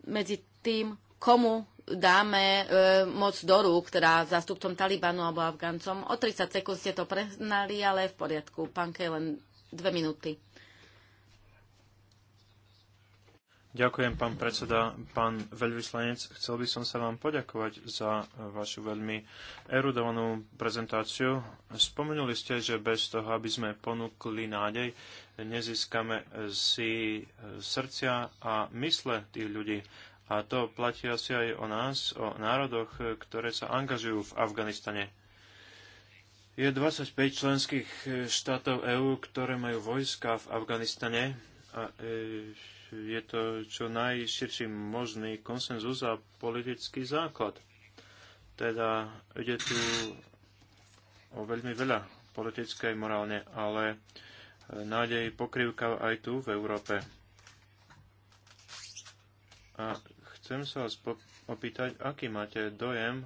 medzi tým, komu dáme e, moc do rúk, teda zástupcom Talibanu alebo Afgáncom. O 30 sekúnd ste to prehnali, ale v poriadku. Pán Kej, len dve minúty. Ďakujem, pán predseda, pán veľvyslanec. Chcel by som sa vám poďakovať za vašu veľmi erudovanú prezentáciu. Spomenuli ste, že bez toho, aby sme ponúkli nádej, nezískame si srdcia a mysle tých ľudí. A to platí asi aj o nás, o národoch, ktoré sa angažujú v Afganistane. Je 25 členských štátov EÚ, ktoré majú vojska v Afganistane a e, je to čo najširší možný konsenzus a politický základ. Teda ide tu o veľmi veľa politické morálne, ale e, nádej pokrývka aj tu v Európe. A Chcem sa vás opýtať, aký máte dojem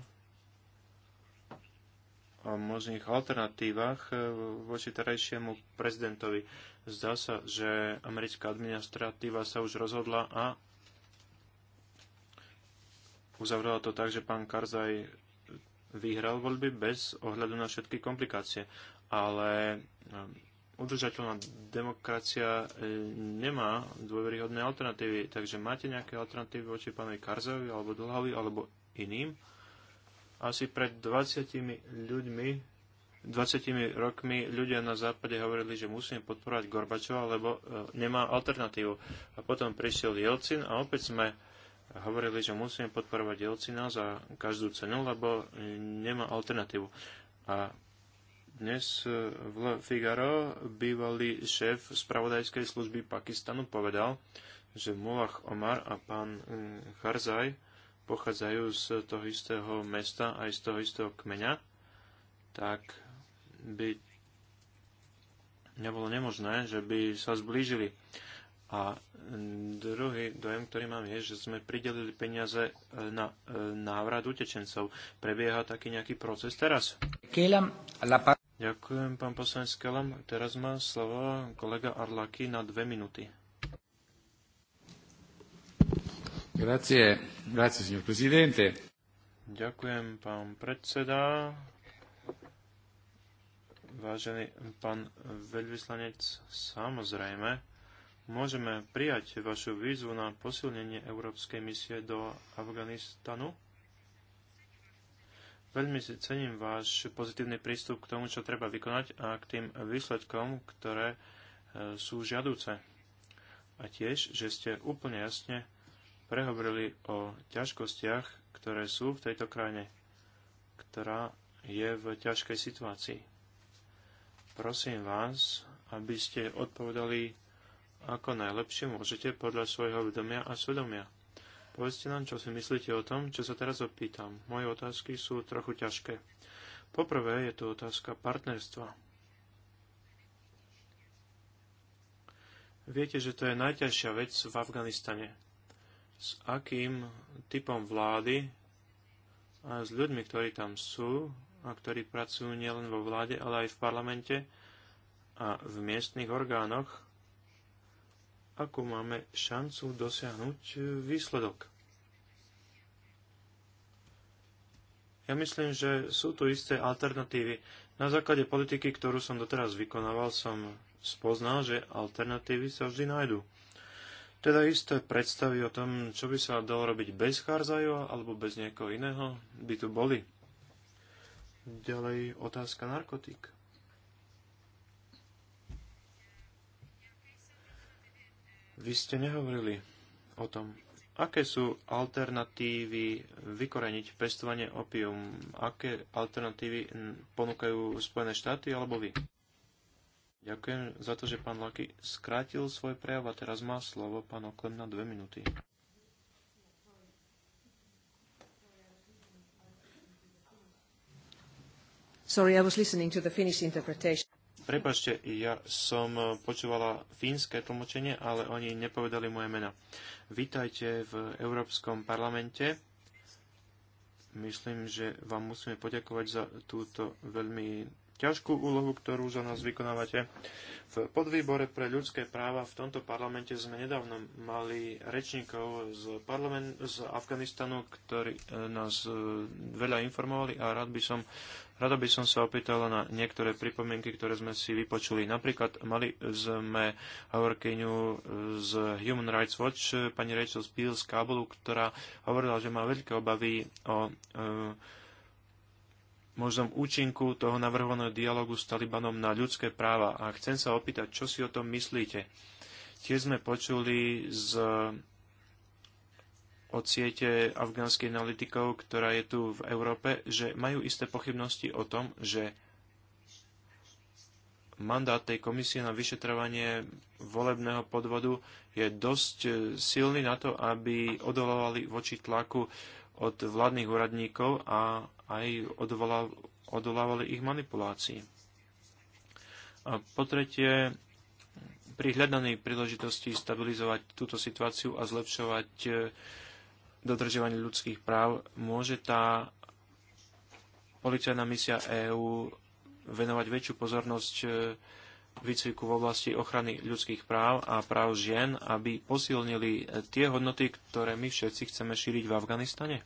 o možných alternatívach e, voči terajšiemu prezidentovi. Zdá sa, že americká administratíva sa už rozhodla a uzavrela to tak, že pán Karzaj vyhral voľby bez ohľadu na všetky komplikácie. Ale e, udržateľná demokracia e, nemá dôveryhodné alternatívy. Takže máte nejaké alternatívy voči pánovi Karzovi alebo Dlhavi alebo iným? Asi pred 20 ľuďmi 20 rokmi ľudia na západe hovorili, že musíme podporovať Gorbačova, lebo e, nemá alternatívu. A potom prišiel Jelcin a opäť sme hovorili, že musíme podporovať Jelcina za každú cenu, lebo e, nemá alternatívu. A dnes eh, v Figaro bývalý šéf spravodajskej služby Pakistanu povedal, že Mullah Omar a pán mm, Harzaj pochádzajú z toho istého mesta aj z toho istého kmeňa, tak by nebolo nemožné, že by sa zblížili. A mm, druhý dojem, ktorý mám, je, že sme pridelili peniaze eh, na eh, návrat utečencov. Prebieha taký nejaký proces teraz. Ďakujem, pán poslanec Kelam. Teraz má slovo kolega Arlaki na dve minúty. Grazie, grazie, signor presidente. Ďakujem, pán predseda. Vážený pán veľvyslanec, samozrejme, môžeme prijať vašu výzvu na posilnenie európskej misie do Afganistanu Veľmi si cením váš pozitívny prístup k tomu, čo treba vykonať a k tým výsledkom, ktoré e, sú žiadúce. A tiež, že ste úplne jasne prehovorili o ťažkostiach, ktoré sú v tejto krajine, ktorá je v ťažkej situácii. Prosím vás, aby ste odpovedali ako najlepšie môžete podľa svojho vedomia a svedomia. Povedzte nám, čo si myslíte o tom, čo sa teraz opýtam. Moje otázky sú trochu ťažké. Poprvé je to otázka partnerstva. Viete, že to je najťažšia vec v Afganistane. S akým typom vlády a s ľuďmi, ktorí tam sú a ktorí pracujú nielen vo vláde, ale aj v parlamente a v miestnych orgánoch, akú máme šancu dosiahnuť e, výsledok. Ja myslím, že sú tu isté alternatívy. Na základe politiky, ktorú som doteraz vykonával, som spoznal, že alternatívy sa vždy nájdú. Teda isté predstavy o tom, čo by sa dalo robiť bez Charzajova alebo bez niekoho iného, by tu boli. Ďalej otázka narkotík. Vy ste nehovorili o tom, aké sú alternatívy vykoreniť pestovanie opium? Aké alternatívy ponúkajú Spojené štáty alebo vy? Ďakujem za to, že pán Laky skrátil svoj prejav a teraz má slovo pán Oklem na dve minúty. Sorry, I was listening to the Finnish interpretation. Prepašte, ja som eh, počúvala fínske tlmočenie, ale oni nepovedali moje meno. Vítajte v Európskom parlamente. Myslím, že vám musíme poďakovať za túto veľmi ťažkú úlohu, ktorú za nás vykonávate. V podvýbore pre ľudské práva v tomto parlamente sme nedávno mali rečníkov z, parlament, z Afganistanu, ktorí eh, nás eh, veľa informovali a rád by som Rada by som sa opýtala na niektoré pripomienky, ktoré sme si vypočuli. Napríklad mali sme hovorkyňu z Human Rights Watch, pani Rachel Spiel z Kábulu, ktorá hovorila, že má veľké obavy o e, možnom účinku toho navrhovaného dialogu s Talibanom na ľudské práva. A chcem sa opýtať, čo si o tom myslíte. Tiež sme počuli z od siete afgánskych analytikov, ktorá je tu v Európe, že majú isté pochybnosti o tom, že mandát tej komisie na vyšetrovanie volebného podvodu je dosť e, silný na to, aby odolávali voči tlaku od vládnych úradníkov a aj odolávali ich manipulácii. A po tretie, pri hľadanej príležitosti stabilizovať túto situáciu a zlepšovať e, dodržovanie ľudských práv, môže tá policajná misia EÚ venovať väčšiu pozornosť e, výcviku v oblasti ochrany ľudských práv a práv žien, aby posilnili e, tie hodnoty, ktoré my všetci chceme šíriť v Afganistane?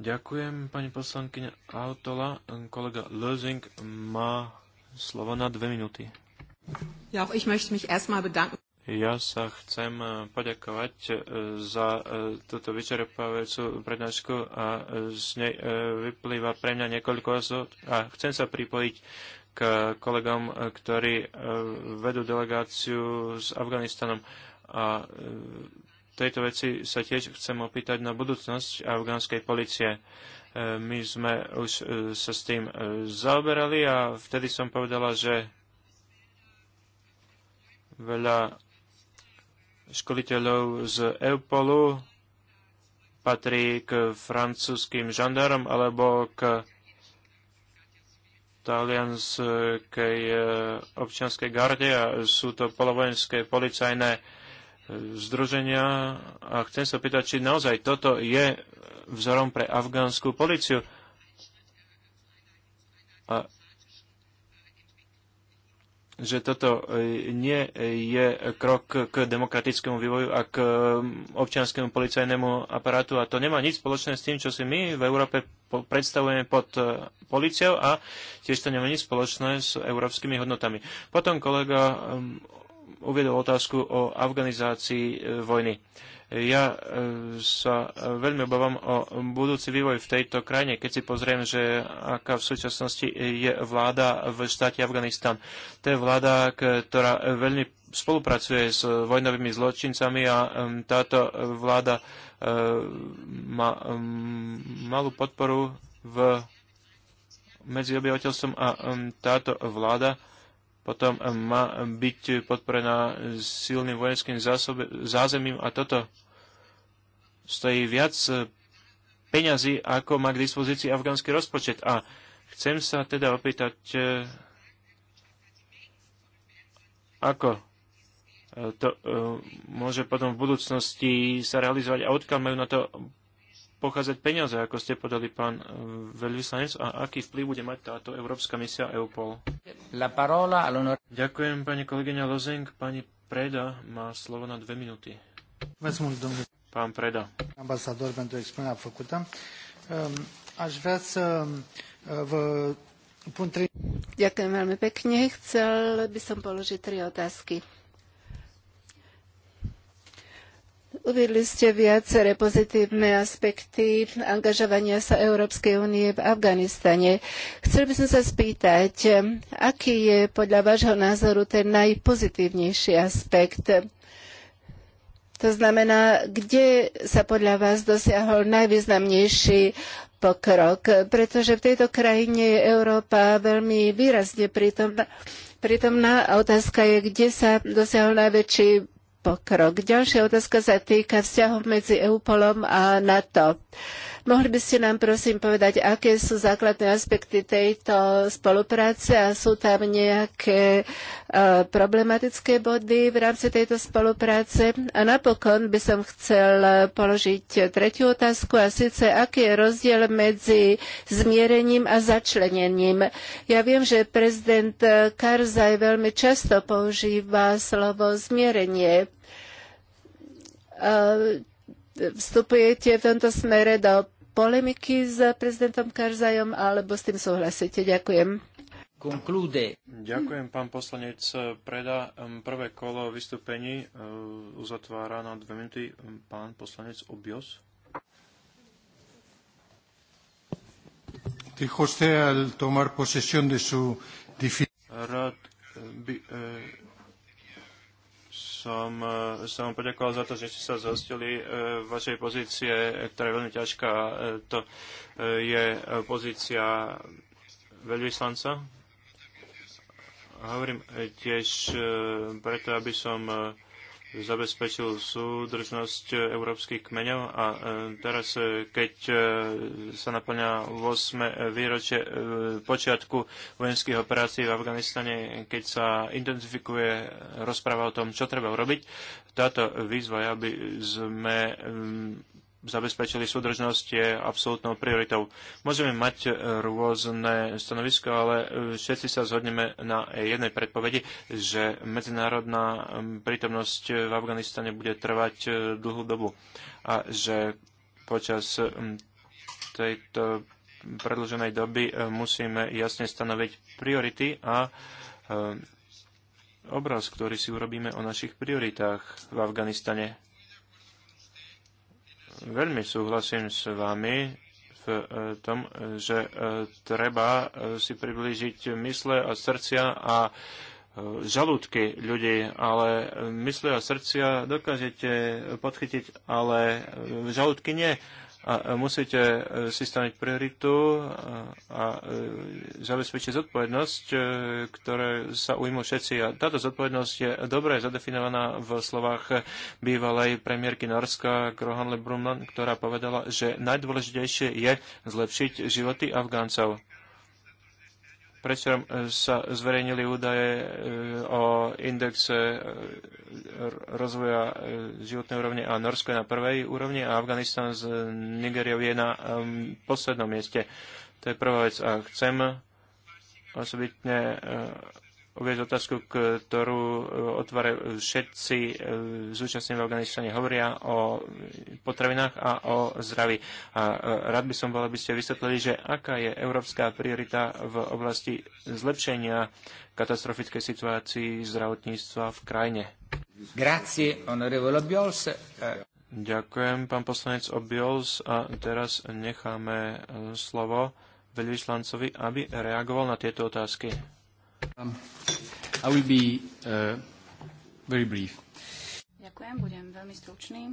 Ďakujem, pani poslankyňa Autola. Kolega Lösing má slovo na dve minúty. Ja, ich möchte mich erstmal bedanken. Ja sa chcem e, poďakovať e, za e, túto vyčerpávajúcu prednášku a z nej vyplýva pre mňa niekoľko osôb a chcem sa pripojiť k kolegom, ktorí vedú delegáciu s Afganistanom a tejto veci sa tiež chcem opýtať na budúcnosť afgánskej policie. My sme už sa s tým zaoberali a vtedy som povedala, že veľa školiteľov z EUPOLu patrí k francúzským žandárom alebo k talianskej e, občianskej garde a sú to polovojenské policajné e, združenia a chcem sa pýtať, či naozaj toto je vzorom pre afgánsku policiu. A že toto e, nie e, je krok k demokratickému vývoju a k e, občianskému policajnému aparátu a to nemá nič spoločné s tým, čo si my v Európe predstavujeme pod policiou a tiež to nemá nič spoločné s európskymi hodnotami. Potom kolega uviedol otázku o afganizácii vojny. Ja e, sa veľmi obávam o budúci vývoj v tejto krajine, keď si pozriem, že aká v súčasnosti je vláda v štáte Afganistan. To je vláda, ktorá veľmi spolupracuje s vojnovými zločincami a táto vláda e, má malú podporu v medzi obyvateľstvom a táto vláda potom má byť podporená silným vojenským zásobe, zázemím a toto stojí viac peňazí, ako má k dispozícii afgánsky rozpočet. A chcem sa teda opýtať, e, ako e, to e, môže potom v budúcnosti sa realizovať a odkiaľ majú na to pochádzať peniaze, ako ste podali pán eh, veľvyslanec, a aký vplyv bude mať táto Európska misia EUPOL. La parola, Ďakujem pani kolegyňa Lozeng. Pani Preda má slovo na dve minúty. Pán Preda. Ambasador pentru expunerea făcută. Ehm, aș vrea să eh, vă pun Ďakujem veľmi pekne. Chcel by som položiť tri otázky. Uviedli ste viaceré pozitívne aspekty angažovania sa Európskej únie v Afganistane. Chcel by som sa spýtať, aký je podľa vášho názoru ten najpozitívnejší aspekt? To znamená, kde sa podľa vás dosiahol najvýznamnejší pokrok, pretože v tejto krajine je Európa veľmi výrazne prítomná. Prítomná otázka je, kde sa dosiahol najväčší pokrok. Ďalšia otázka sa týka vzťahov medzi EUPOLom a NATO. Mohli by ste nám prosím povedať, aké sú základné aspekty tejto spolupráce a sú tam nejaké e, problematické body v rámci tejto spolupráce? A napokon by som chcel položiť tretiu otázku a síce, aký je rozdiel medzi zmierením a začlenením. Ja viem, že prezident Karzaj veľmi často používa slovo zmierenie e, vstupujete v tomto smere do polemiky s prezidentom Karzajom, alebo s tým súhlasíte? Ďakujem. Conclude. Ďakujem, pán poslanec Preda. Prvé kolo vystúpení eh, uzatvára na dve minúty pán poslanec Obios. Dijo usted al tomar posesión de su difícil som vám poďakoval za to, že ste sa zhostili e, vašej pozície, ktorá je veľmi ťažká. E, to e, je pozícia veľvyslanca. Hovorím tiež preto, aby som zabezpečil súdržnosť európskych kmeňov a e, teraz, e, keď e, sa naplňa 8. výročie počiatku vojenských operácií v Afganistane, keď sa intenzifikuje rozpráva o tom, čo treba urobiť, táto výzva, aby sme zabezpečili súdržnosť je absolútnou prioritou. Môžeme mať e, rôzne stanovisko, ale e, všetci sa zhodneme na jednej predpovedi, že medzinárodná prítomnosť e, v Afganistane bude trvať dlhú dobu a že počas tejto predlženej doby musíme jasne stanoviť priority a obraz, ktorý si urobíme o našich prioritách v Afganistane Veľmi súhlasím s vami v e, tom, že e, treba e, si priblížiť mysle a srdcia a žalúdky ľudí, ale mysle a srdcia dokážete podchytiť, ale žalúdky nie. A musíte e, si stanoť prioritu e, a e, zabezpečiť zodpovednosť, ktoré sa ujmú všetci. A táto zodpovednosť je dobre zadefinovaná v slovách bývalej premiérky Norska Krohanle Brumman, ktorá povedala, že najdôležitejšie je zlepšiť životy Afgáncov. Predvčerom sa zverejnili údaje e, o indexe e, rozvoja e, životnej úrovne a Norsko je na prvej úrovni a Afganistan s Nigeriou je na poslednom mieste. To je prvá vec a chcem osobitne uvieť otázku, ktorú e, otvárajú všetci e, zúčastnení v Afganistane. Hovoria o potravinách a o zdraví. A e, rád by som bol, aby ste vysvetlili, že aká je európska priorita v oblasti zlepšenia katastrofickej situácii zdravotníctva v krajine. Grazie, onorevole Ďakujem, pán poslanec Obiols. A teraz necháme slovo veľvyslancovi, aby reagoval na tieto otázky. Um, I will be uh, very brief. Ďakujem, budem veľmi stručný.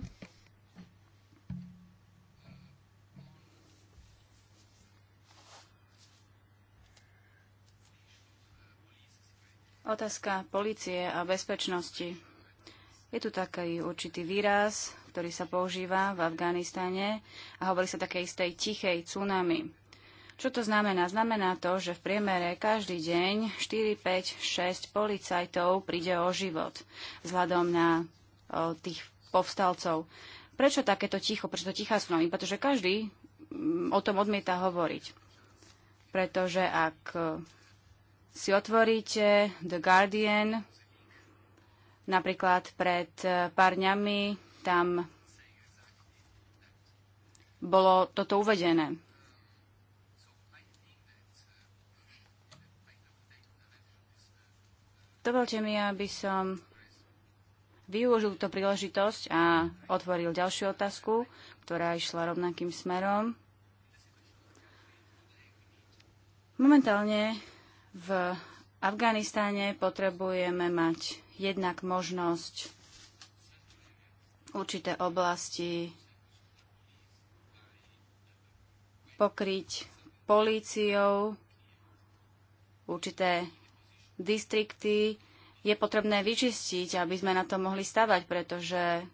Otázka policie a bezpečnosti. Je tu taký určitý výraz, ktorý sa používa v Afganistane a hovorí sa také istej tichej tsunami. Čo to znamená? Znamená to, že v priemere každý deň 4, 5, 6 policajtov príde o život vzhľadom na o, tých povstalcov. Prečo takéto ticho, prečo to tichá snomy? Pretože každý mm, o tom odmieta hovoriť. Pretože ak e, si otvoríte The Guardian, napríklad pred e, pár dňami tam bolo toto uvedené. Dovolte mi, aby som využil túto príležitosť a otvoril ďalšiu otázku, ktorá išla rovnakým smerom. Momentálne v Afganistáne potrebujeme mať jednak možnosť určité oblasti pokryť políciou, určité distrikty je potrebné vyčistiť, aby sme na to mohli stavať, pretože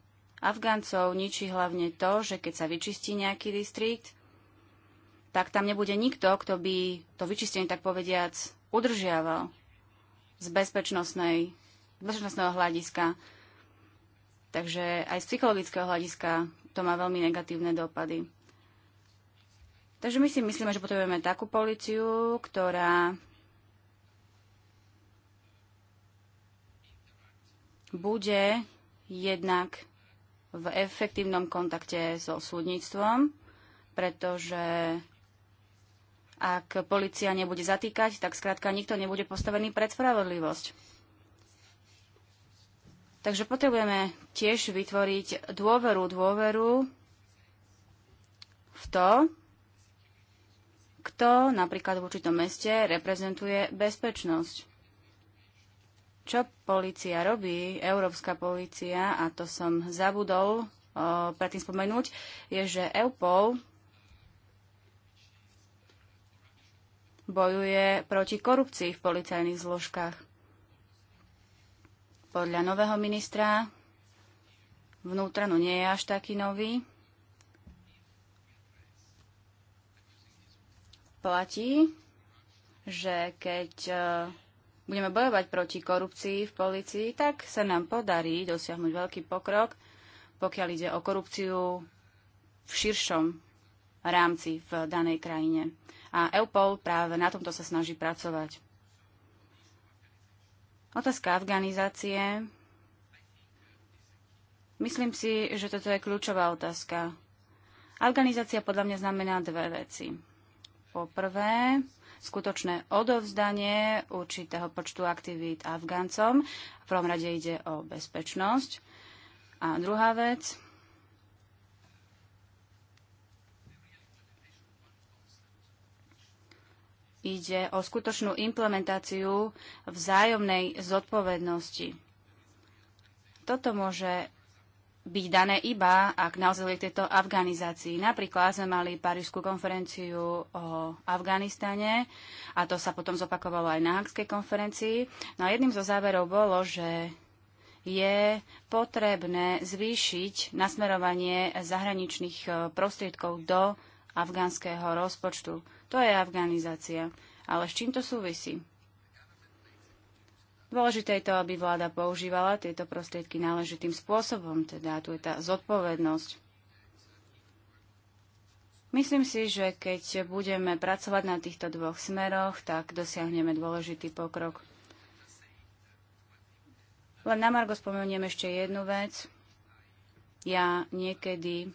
Afgáncov ničí hlavne to, že keď sa vyčistí nejaký distrikt, tak tam nebude nikto, kto by to vyčistenie, tak povediac, udržiaval z bezpečnostnej, z bezpečnostného hľadiska. Takže aj z psychologického hľadiska to má veľmi negatívne dopady. Takže my si myslíme, že potrebujeme takú policiu, ktorá bude jednak v efektívnom kontakte so súdnictvom, pretože ak policia nebude zatýkať, tak skrátka nikto nebude postavený pred spravodlivosť. Takže potrebujeme tiež vytvoriť dôveru, dôveru v to, kto napríklad v určitom meste reprezentuje bezpečnosť. Čo policia robí, európska policia, a to som zabudol predtým spomenúť, je, že EUPOL bojuje proti korupcii v policajných zložkách. Podľa nového ministra vnútra, no nie je až taký nový, platí, že keď uh, budeme bojovať proti korupcii v policii, tak sa nám podarí dosiahnuť veľký pokrok, pokiaľ ide o korupciu v širšom rámci v danej krajine. A EUPOL práve na tomto sa snaží pracovať. Otázka afganizácie. Myslím si, že toto je kľúčová otázka. Afganizácia podľa mňa znamená dve veci. Po prvé, skutočné odovzdanie určitého počtu aktivít Afgáncom. V prvom rade ide o bezpečnosť. A druhá vec, ide o skutočnú implementáciu vzájomnej zodpovednosti. Toto môže byť dané iba, ak naozaj k tejto afganizácii. Napríklad sme mali parížskú konferenciu o Afganistane a to sa potom zopakovalo aj na hankskej konferencii. No a jedným zo záverov bolo, že je potrebné zvýšiť nasmerovanie zahraničných e, prostriedkov do afgánskeho rozpočtu. To je afganizácia. Ale s čím to súvisí? Dôležité je to, aby vláda používala tieto prostriedky náležitým spôsobom, teda tu je tá zodpovednosť. Myslím si, že keď budeme pracovať na týchto dvoch smeroch, tak dosiahneme dôležitý pokrok. Len na Margo spomeniem ešte jednu vec. Ja niekedy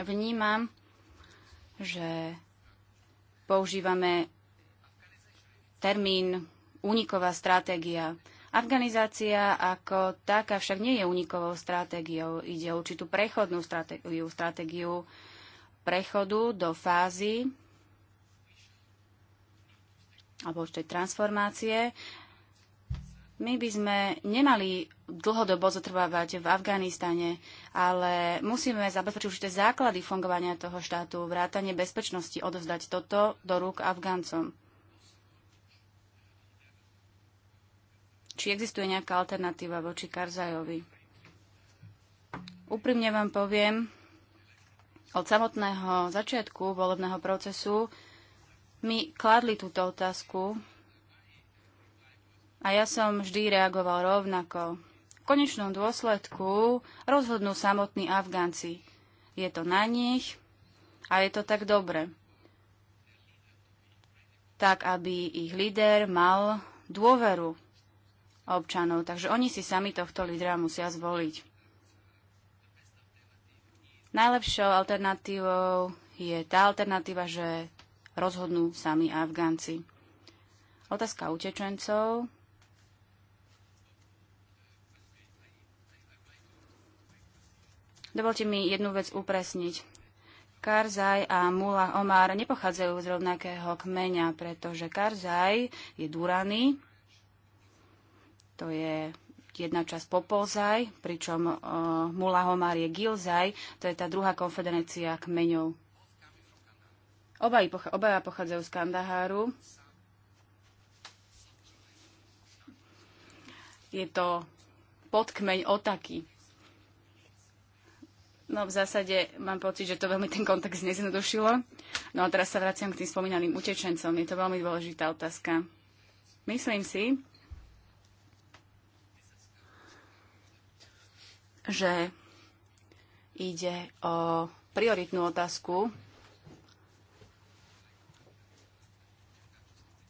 vnímam, že používame termín úniková stratégia. Afganizácia ako taká však nie je únikovou stratégiou. Ide o určitú prechodnú stratégiu, stratégiu prechodu do fázy alebo určitej transformácie. My by sme nemali dlhodobo zotrvávať v Afganistane, ale musíme zabezpečiť určité základy fungovania toho štátu, vrátanie bezpečnosti, odovzdať toto do rúk Afgáncom. či existuje nejaká alternatíva voči Karzajovi. Úprimne vám poviem, od samotného začiatku volebného procesu mi kladli túto otázku a ja som vždy reagoval rovnako. V konečnom dôsledku rozhodnú samotní Afgánci. Je to na nich a je to tak dobre tak aby ich líder mal dôveru občanov. Takže oni si sami tohto lídra musia zvoliť. Najlepšou alternatívou je tá alternatíva, že rozhodnú sami Afgánci. Otázka utečencov. Dovolte mi jednu vec upresniť. Karzaj a Mullah Omar nepochádzajú z rovnakého kmeňa, pretože Karzaj je Durany, to je jedna časť Popolzaj, pričom uh, Mula Homar je Gilzaj, to je tá druhá konfederácia kmeňov. Oba, pocha- obaja pochádzajú z Kandaháru. Je to podkmeň Otaky. No v zásade mám pocit, že to veľmi ten kontext nezjednodušilo. No a teraz sa vraciam k tým spomínaným utečencom. Je to veľmi dôležitá otázka. Myslím si, že ide o prioritnú otázku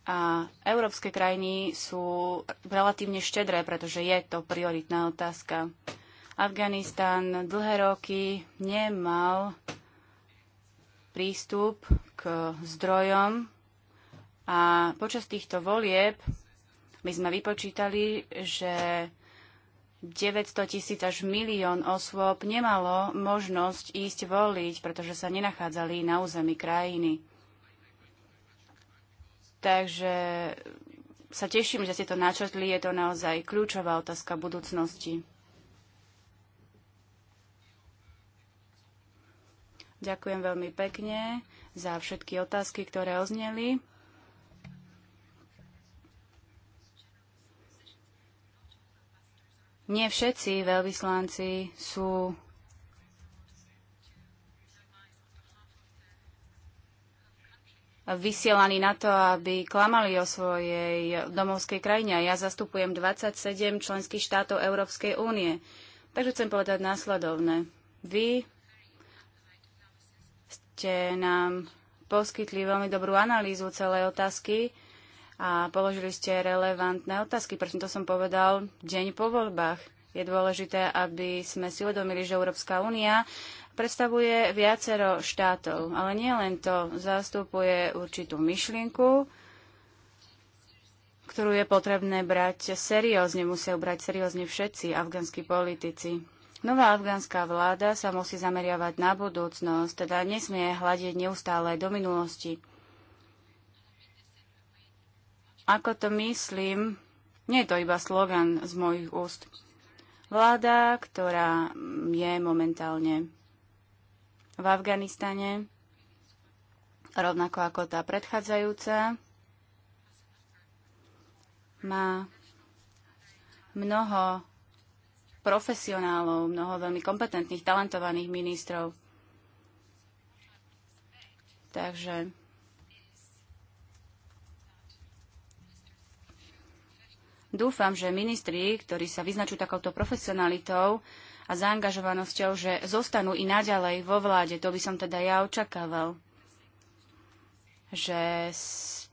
a európske krajiny sú relatívne štedré, pretože je to prioritná otázka. Afganistan dlhé roky nemal prístup k zdrojom a počas týchto volieb my sme vypočítali, že 900 tisíc až milión osôb nemalo možnosť ísť voliť, pretože sa nenachádzali na území krajiny. Takže sa teším, že ste to načrtli. Je to naozaj kľúčová otázka budúcnosti. Ďakujem veľmi pekne za všetky otázky, ktoré ozneli. nie všetci veľvyslanci sú vysielaní na to, aby klamali o svojej domovskej krajine. ja zastupujem 27 členských štátov Európskej únie. Takže chcem povedať následovné. Vy ste nám poskytli veľmi dobrú analýzu celej otázky a položili ste relevantné otázky. Preto to som povedal deň po voľbách. Je dôležité, aby sme si uvedomili, že Európska únia predstavuje viacero štátov, ale nie len to, zastupuje určitú myšlienku, ktorú je potrebné brať seriózne, musia brať seriózne všetci afgánsky politici. Nová afgánska vláda sa musí zameriavať na budúcnosť, teda nesmie hľadiť neustále do minulosti. Ako to myslím, nie je to iba slogan z mojich úst. Vláda, ktorá je momentálne v Afganistane, rovnako ako tá predchádzajúca, má mnoho profesionálov, mnoho veľmi kompetentných, talentovaných ministrov. Takže Dúfam, že ministri, ktorí sa vyznačujú takouto profesionalitou a zaangažovanosťou, že zostanú i naďalej vo vláde. To by som teda ja očakával. Že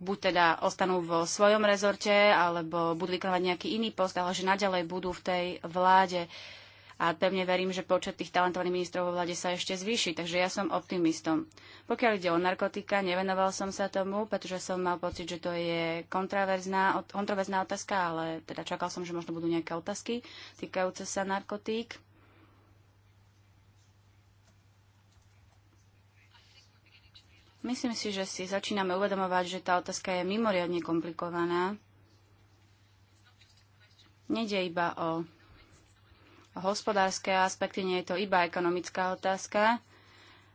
buď teda ostanú vo svojom rezorte, alebo budú vykonávať nejaký iný post, ale že naďalej budú v tej vláde. Uh, a pevne verím, že počet tých talentovaných ministrov vo vláde sa ešte zvýši, takže ja som optimistom. Pokiaľ ide o narkotika, nevenoval som sa tomu, pretože som mal pocit, že to je kontroverzná, kontroverzná otázka, ale teda čakal som, že možno budú nejaké otázky týkajúce sa narkotík. Myslím si, že si začíname uvedomovať, že tá otázka je mimoriadne komplikovaná. Nede iba o hospodárske aspekty, nie je to iba ekonomická otázka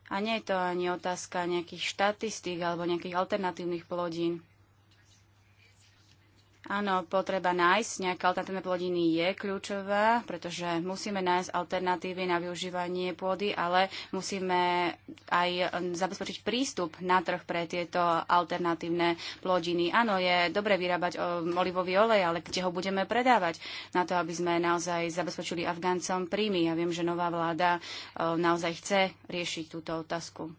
a nie je to ani otázka nejakých štatistík alebo nejakých alternatívnych plodín. Áno, potreba nájsť nejaké alternatívne plodiny je kľúčová, pretože musíme nájsť alternatívy na využívanie pôdy, ale musíme aj zabezpečiť prístup na trh pre tieto alternatívne plodiny. Áno, je dobre vyrábať olivový olej, ale kde ho budeme predávať? Na to, aby sme naozaj zabezpečili Afgáncom príjmy. Ja viem, že nová vláda naozaj chce riešiť túto otázku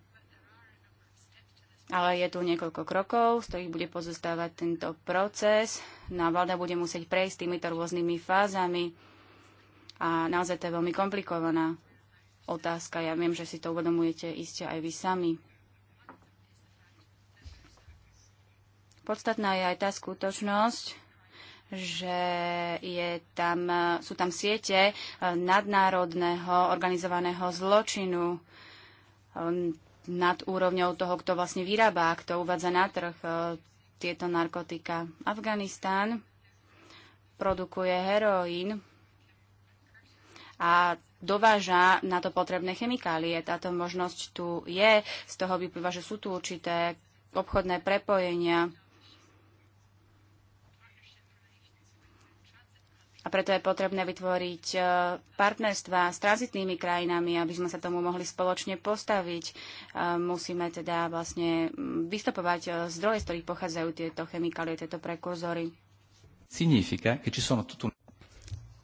ale je tu niekoľko krokov, z ktorých bude pozostávať tento proces. No a vláda bude musieť prejsť týmito rôznymi fázami a naozaj to je veľmi komplikovaná otázka. Ja viem, že si to uvedomujete iste aj vy sami. Podstatná je aj tá skutočnosť, že je tam, sú tam siete eh, nadnárodného organizovaného zločinu ehm, nad úrovňou toho, kto vlastne vyrába, kto uvádza na trh e, tieto narkotika. Afganistán produkuje heroín a dováža na to potrebné chemikálie. Táto možnosť tu je, z toho vyplýva, že sú tu určité obchodné prepojenia. A preto je potrebné vytvoriť e, partnerstva s tranzitnými krajinami, aby sme sa tomu mohli spoločne postaviť. E, musíme teda vlastne mm, vystopovať e, zdroje, z ktorých pochádzajú tieto chemikálie, tieto prekurzory. Significa che ci sono tutto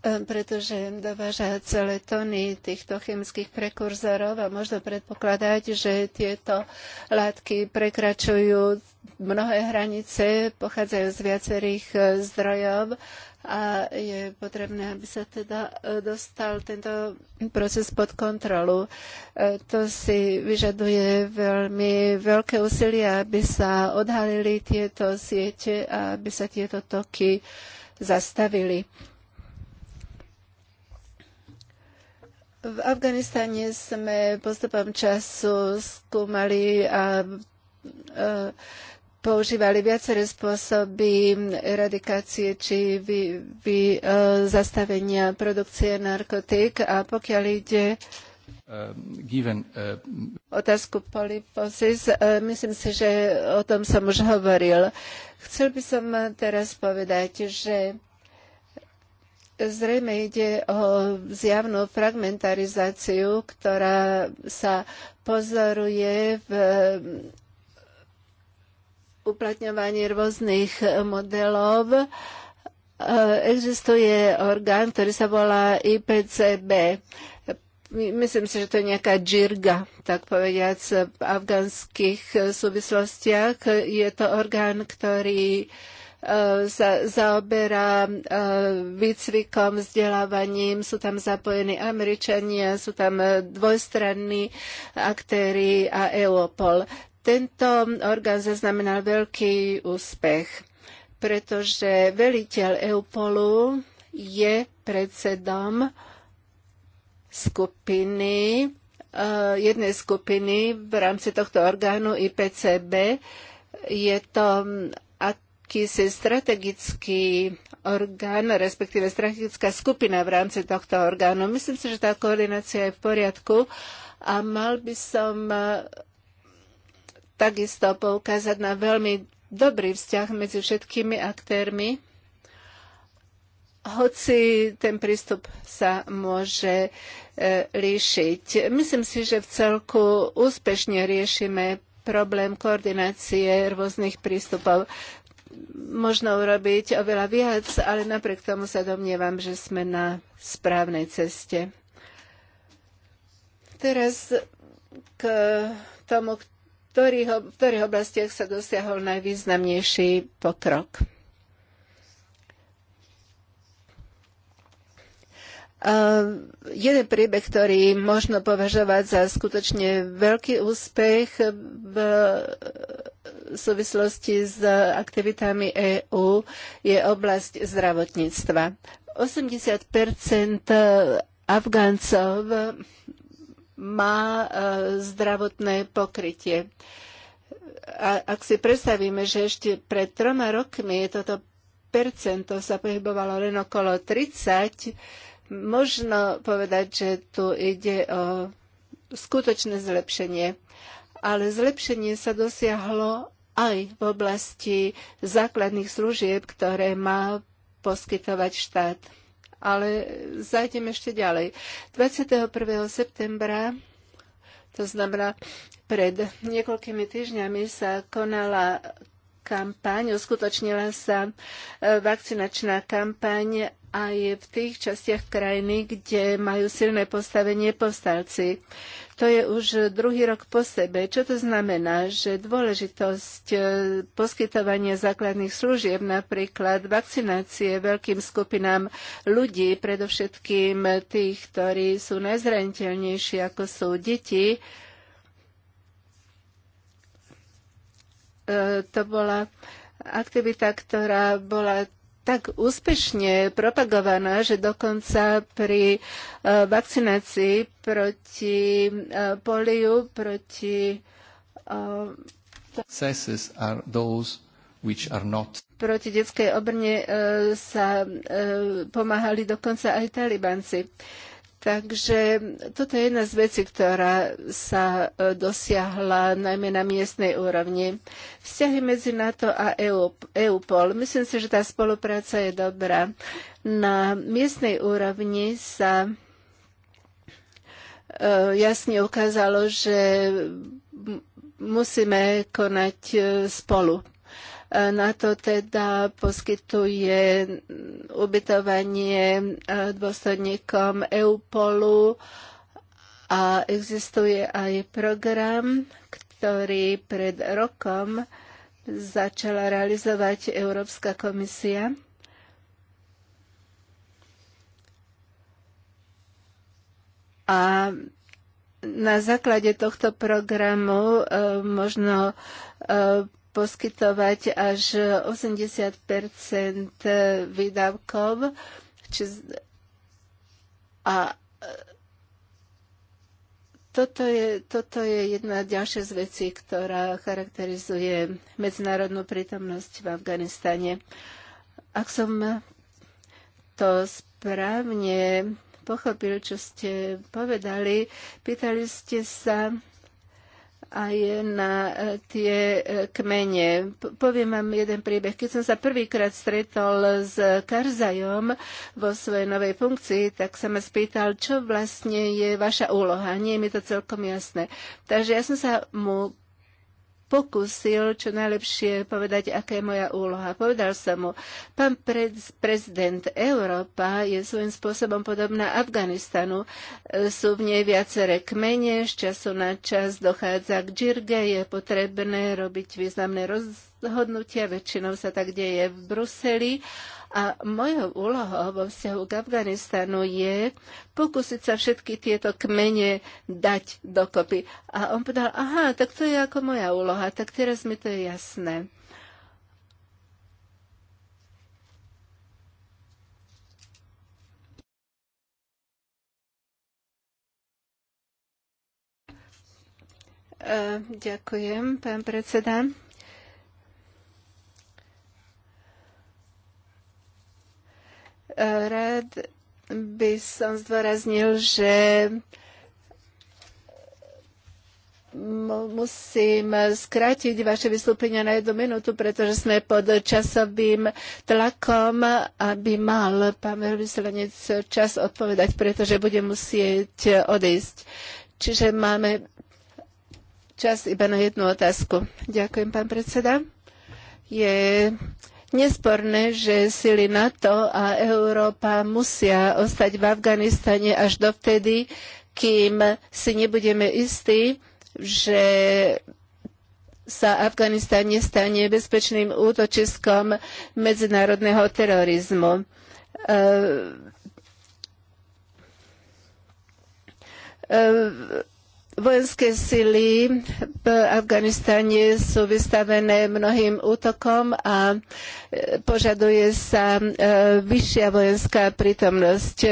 Ehm, pretože dováža celé tony týchto chemických prekurzorov a možno predpokladať, že tieto látky prekračujú mnohé hranice, pochádzajú z viacerých e, zdrojov a je potrebné, aby sa teda e, dostal tento proces pod kontrolu. E, to si vyžaduje veľmi veľké úsilie, aby sa odhalili tieto siete a aby sa tieto toky zastavili. V Afganistane sme postupom času skúmali a, e, používali viaceré spôsoby eradikácie či vy, vy, e, zastavenia produkcie narkotík a pokiaľ ide uh, given, uh... otázku poliposis, e, myslím si, že o tom som už hovoril. Chcel by som teraz povedať, že Zrejme ide o zjavnú fragmentarizáciu, ktorá sa pozoruje v eh, uplatňovaní rôznych modelov. Eh, existuje orgán, ktorý sa volá IPCB. Myslím si, že to je nejaká džirga, tak povediac, v afgánskych súvislostiach. Je to orgán, ktorý uh, sa eh, zaoberá eh, výcvikom, vzdelávaním, sú tam zapojení Američania, sú tam eh, dvojstranní aktéry a Europol. Tento orgán zaznamenal veľký úspech, pretože veliteľ Eupolu je predsedom skupiny, jednej skupiny v rámci tohto orgánu IPCB. Je to akýsi strategický orgán, respektíve strategická skupina v rámci tohto orgánu. Myslím si, že tá koordinácia je v poriadku a mal by som eh, takisto poukázať na veľmi dobrý vzťah medzi všetkými aktérmi, hoci ten prístup sa môže eh, líšiť. Myslím si, že v celku úspešne riešime problém koordinácie rôznych prístupov možno urobiť oveľa viac, ale napriek tomu sa domnievam, že sme na správnej ceste. Teraz k tomu, ktorých, v ktorých oblastiach sa dosiahol najvýznamnejší pokrok. Uh, jeden príbeh, ktorý možno považovať za skutočne veľký úspech v v súvislosti s aktivitami EÚ je oblasť zdravotníctva. 80 Afgáncov má e, zdravotné pokrytie. A ak si predstavíme, že ešte pred troma rokmi toto percento sa pohybovalo len okolo 30, možno povedať, že tu ide o skutočné zlepšenie ale zlepšenie sa dosiahlo aj v oblasti základných služieb, ktoré má poskytovať štát. Ale zajdem ešte ďalej. 21. septembra, to znamená pred niekoľkými týždňami, sa konala kampaň, uskutočnila sa e, vakcinačná kampaň aj v tých častiach krajiny, kde majú silné postavenie povstalci. To je už druhý rok po sebe. Čo to znamená? Že dôležitosť e, poskytovania základných služieb, napríklad vakcinácie veľkým skupinám ľudí, predovšetkým tých, ktorí sú najzraniteľnejší, ako sú deti, E, to bola aktivita, ktorá bola tak úspešne propagovaná, že dokonca pri e, vakcinácii proti e, poliu, proti proti detskej obrne sa pomáhali dokonca aj talibanci. Takže toto je jedna z vecí, ktorá sa e, dosiahla najmä na miestnej úrovni. Vzťahy medzi NATO a EU, EUPOL. Myslím si, že tá spolupráca je dobrá. Na miestnej úrovni sa e, jasne ukázalo, že musíme konať e, spolu E, na to teda poskytuje ubytovanie e, dôstojníkom EUPOLu a existuje aj program, ktorý pred rokom začala realizovať Európska komisia. A na základe tohto programu e, možno e, poskytovať až 80 výdavkov. Či... A e, toto je, toto je jedna ďalšia z vecí, ktorá charakterizuje medzinárodnú prítomnosť v Afganistane. Ak som to správne pochopil, čo ste povedali, pýtali ste sa, aj na eh, tie eh, kmene. Poviem vám jeden príbeh. Keď som sa prvýkrát stretol s Karzajom vo svojej novej funkcii, tak sa ma spýtal, čo vlastne je vaša úloha. Nie je mi to celkom jasné. Takže ja som sa mu pokusil čo najlepšie povedať, aká je moja úloha. Povedal som mu, pán prezident, Európa je svojím spôsobom podobná Afganistanu. Sú v nej viaceré kmene, z času na čas dochádza k džirge, je potrebné robiť významné roz rozhodnutia, väčšinou sa tak deje v Bruseli. A mojou úlohou vo vzťahu k Afganistanu je pokúsiť sa všetky tieto kmene dať dokopy. A on povedal, aha, tak to je ako moja úloha, tak teraz mi to je jasné. E, ďakujem, pán predseda. Rád by som zdôraznil, že musím skrátiť vaše vystúpenie na jednu minútu, pretože sme pod časovým tlakom, aby mal pán vyslanec čas odpovedať, pretože bude musieť odísť. Čiže máme čas iba na jednu otázku. Ďakujem, pán predseda. Je nesporné, že sily NATO a Európa musia ostať v Afganistane až dovtedy, kým si nebudeme istí, že sa Afganistan nestane bezpečným útočiskom medzinárodného terorizmu. Uh, uh, Vojenské sily v Afganistane sú vystavené mnohým útokom a e, požaduje sa e, vyššia vojenská prítomnosť. E,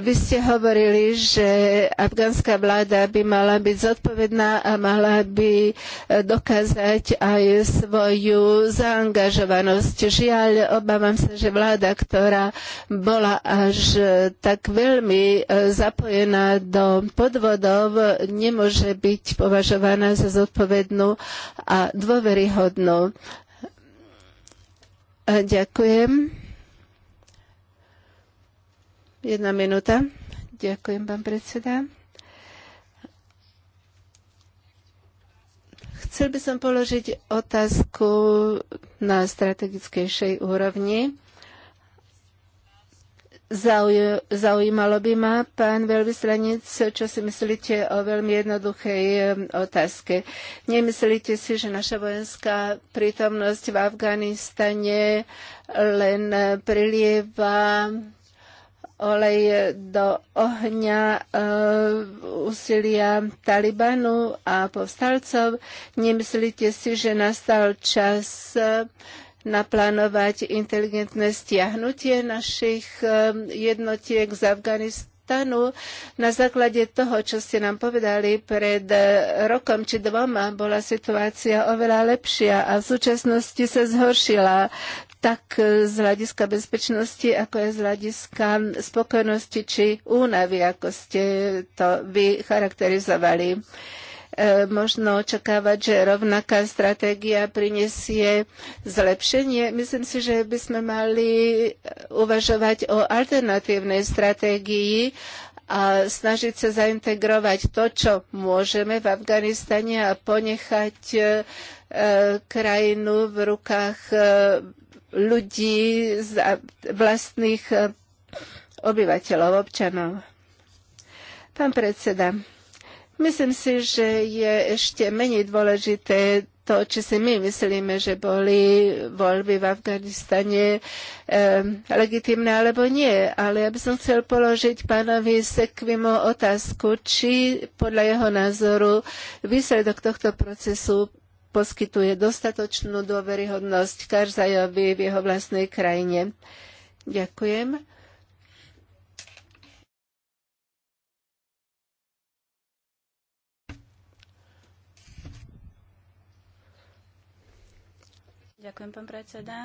vy ste hovorili, že afgánska vláda by mala byť zodpovedná a mala by dokázať aj svoju zaangažovanosť. Žiaľ, obávam sa, že vláda, ktorá bola až tak veľmi zapojená do podvodov, nemá nemôže byť považovaná za zodpovednú a dôveryhodnú. Ďakujem. Jedna minúta. Ďakujem, pán predseda. Chcel by som položiť otázku na strategickejšej úrovni. Zaujímalo by ma, pán veľvyslanec, čo si myslíte o veľmi jednoduchej otázke. Nemyslíte si, že naša vojenská prítomnosť v Afganistane len prilieva olej do ohňa e, úsilia Talibanu a povstalcov. Nemyslíte si, že nastal čas e, naplánovať inteligentné stiahnutie našich jednotiek z Afganistanu na základe toho, čo ste nám povedali pred eh, rokom či dvoma, bola situácia oveľa lepšia a v súčasnosti sa zhoršila tak eh, z hľadiska bezpečnosti, ako je z hľadiska spokojnosti či únavy, ako ste to vy charakterizovali. E, možno očakávať, že rovnaká stratégia prinesie zlepšenie. Myslím si, že by sme mali uvažovať o alternatívnej stratégii a snažiť sa zaintegrovať to, čo môžeme v Afganistane a ponechať e, krajinu v rukách e, ľudí z vlastných obyvateľov, občanov. Pán predseda, Myslím si, že je ešte menej dôležité to, či si my myslíme, že boli voľby v Afganistane e, legitimné alebo nie. Ale ja by som chcel položiť pánovi Sekvimu otázku, či podľa jeho názoru výsledok tohto procesu poskytuje dostatočnú dôveryhodnosť Karzajovi v jeho vlastnej krajine. Ďakujem. Ďakujem, pán predseda.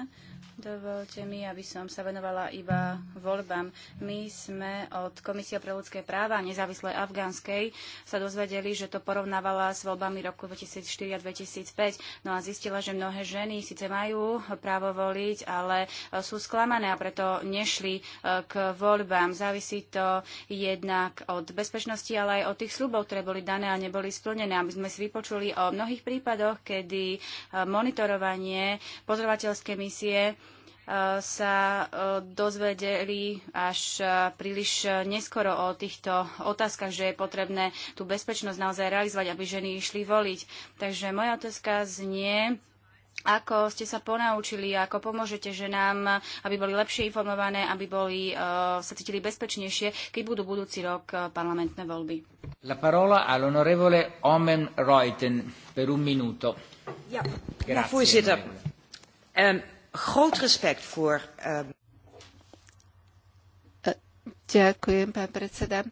Dovolte mi, aby som sa venovala iba voľbám. My sme od Komisie pre ľudské práva nezávislej afgánskej sa dozvedeli, že to porovnávala s voľbami roku 2004 a 2005. No a zistila, že mnohé ženy síce majú právo voliť, ale e, sú sklamané a preto nešli e, k voľbám. Závisí to jednak od bezpečnosti, ale aj od tých slubov, ktoré boli dané a neboli splnené. Aby sme si vypočuli o mnohých prípadoch, kedy e, monitorovanie pozorovateľské misie e, sa e, dozvedeli až e, príliš neskoro o týchto otázkach, že je potrebné tú bezpečnosť naozaj realizovať, aby ženy išli voliť. Takže moja otázka znie, ako ste sa ponaučili, ako pomôžete ženám, aby boli lepšie informované, aby boli, uh, sa cítili bezpečnejšie, keď budú budúci rok parlamentné voľby. La parola all'onorevole Omen Reuten per un minuto. Ja, Grazie, ja, Um, groot respect voor... Um... Ďakujem, pán predseda.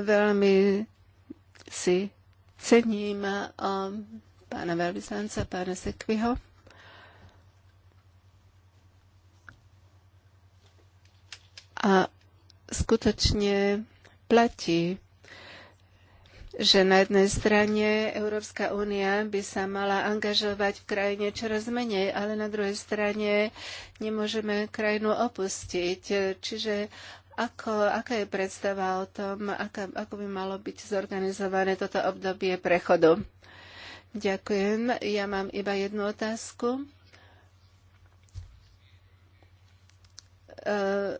veľmi si cením ehm, pána veľvyslanca, pána Sekviho. A skutočne platí že na jednej strane Európska únia by sa mala angažovať v krajine čoraz menej, ale na druhej strane nemôžeme krajinu opustiť. Čiže ako, aká je predstava o tom, aká, ako by malo byť zorganizované toto obdobie prechodu? Ďakujem. Ja mám iba jednu otázku. E,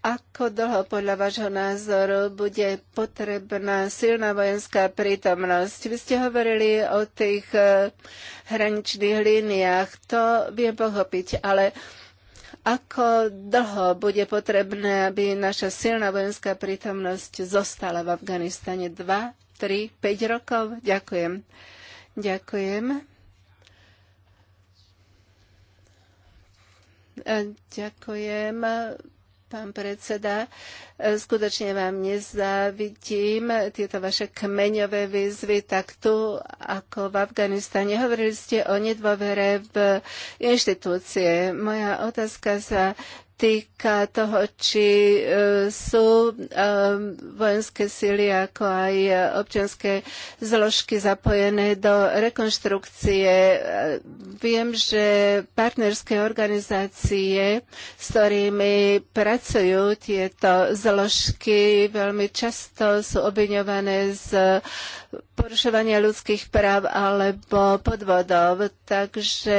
Ako dlho podľa vášho názoru bude potrebná silná vojenská prítomnosť? Vy ste hovorili o tých e, hraničných líniách, to viem pochopiť, ale ako dlho bude potrebné, aby naša silná vojenská prítomnosť zostala v Afganistane? 2, 3, 5 rokov? Ďakujem. Ďakujem. E, ďakujem pán predseda. E, skutočne vám nezávidím tieto vaše kmeňové výzvy tak tu, ako v Afganistane. Hovorili ste o nedôvere v inštitúcie. Moja otázka sa týka toho, či e, sú e, vojenské síly ako aj občianské zložky zapojené do rekonštrukcie. E, viem, že partnerské organizácie, s ktorými pracujú tieto zložky, veľmi často sú obviňované z porušovania ľudských práv alebo podvodov. Takže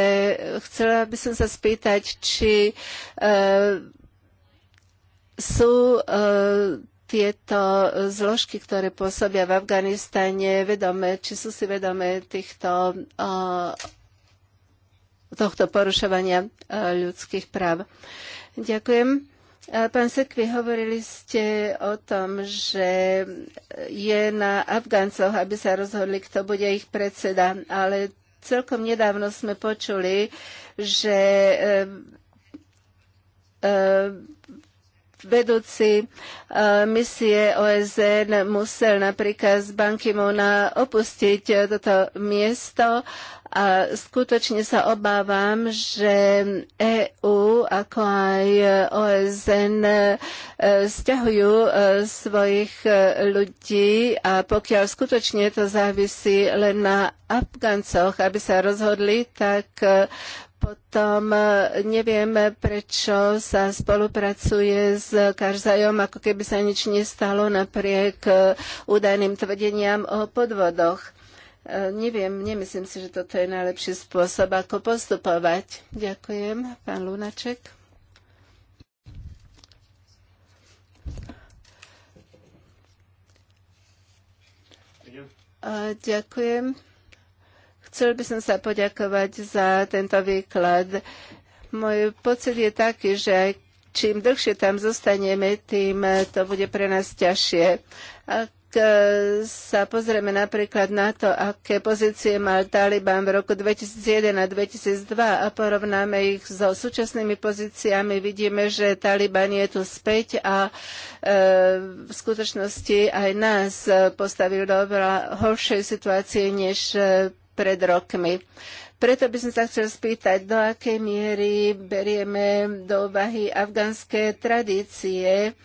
chcela by som sa spýtať, či sú e, tieto zložky, ktoré pôsobia v Afganistane, vedome, či sú si vedomé týchto, e, tohto porušovania e, ľudských práv. Ďakujem. Pán Sekvi, hovorili ste o tom, že je na Afgáncoch, aby sa rozhodli, kto bude ich predseda, ale celkom nedávno sme počuli, že Eh, vedúci eh, misie OSN musel napríklad z Banky Mona opustiť eh, toto miesto a skutočne sa obávam, že EU ako aj OSN stiahujú svojich ľudí a pokiaľ skutočne to závisí len na Afgancoch, aby sa rozhodli, tak potom e, neviem, prečo sa spolupracuje s Karzajom, ako keby sa nič nestalo napriek e, údajným tvrdeniam o podvodoch. E, neviem, nemyslím si, že toto je najlepší spôsob, ako postupovať. Ďakujem, pán Lunaček. Ďakujem. Chcel by som sa poďakovať za tento výklad. Môj pocit je taký, že aj čím dlhšie tam zostaneme, tým to bude pre nás ťažšie. Ak e, sa pozrieme napríklad na to, aké pozície mal Taliban v roku 2001 a 2002 a porovnáme ich so súčasnými pozíciami, vidíme, že Taliban je tu späť a e, v skutočnosti aj nás postavil do oveľa horšej situácie, než e, pred rokmi. Preto by som sa chcel spýtať, do akej miery berieme do úvahy afgánske tradície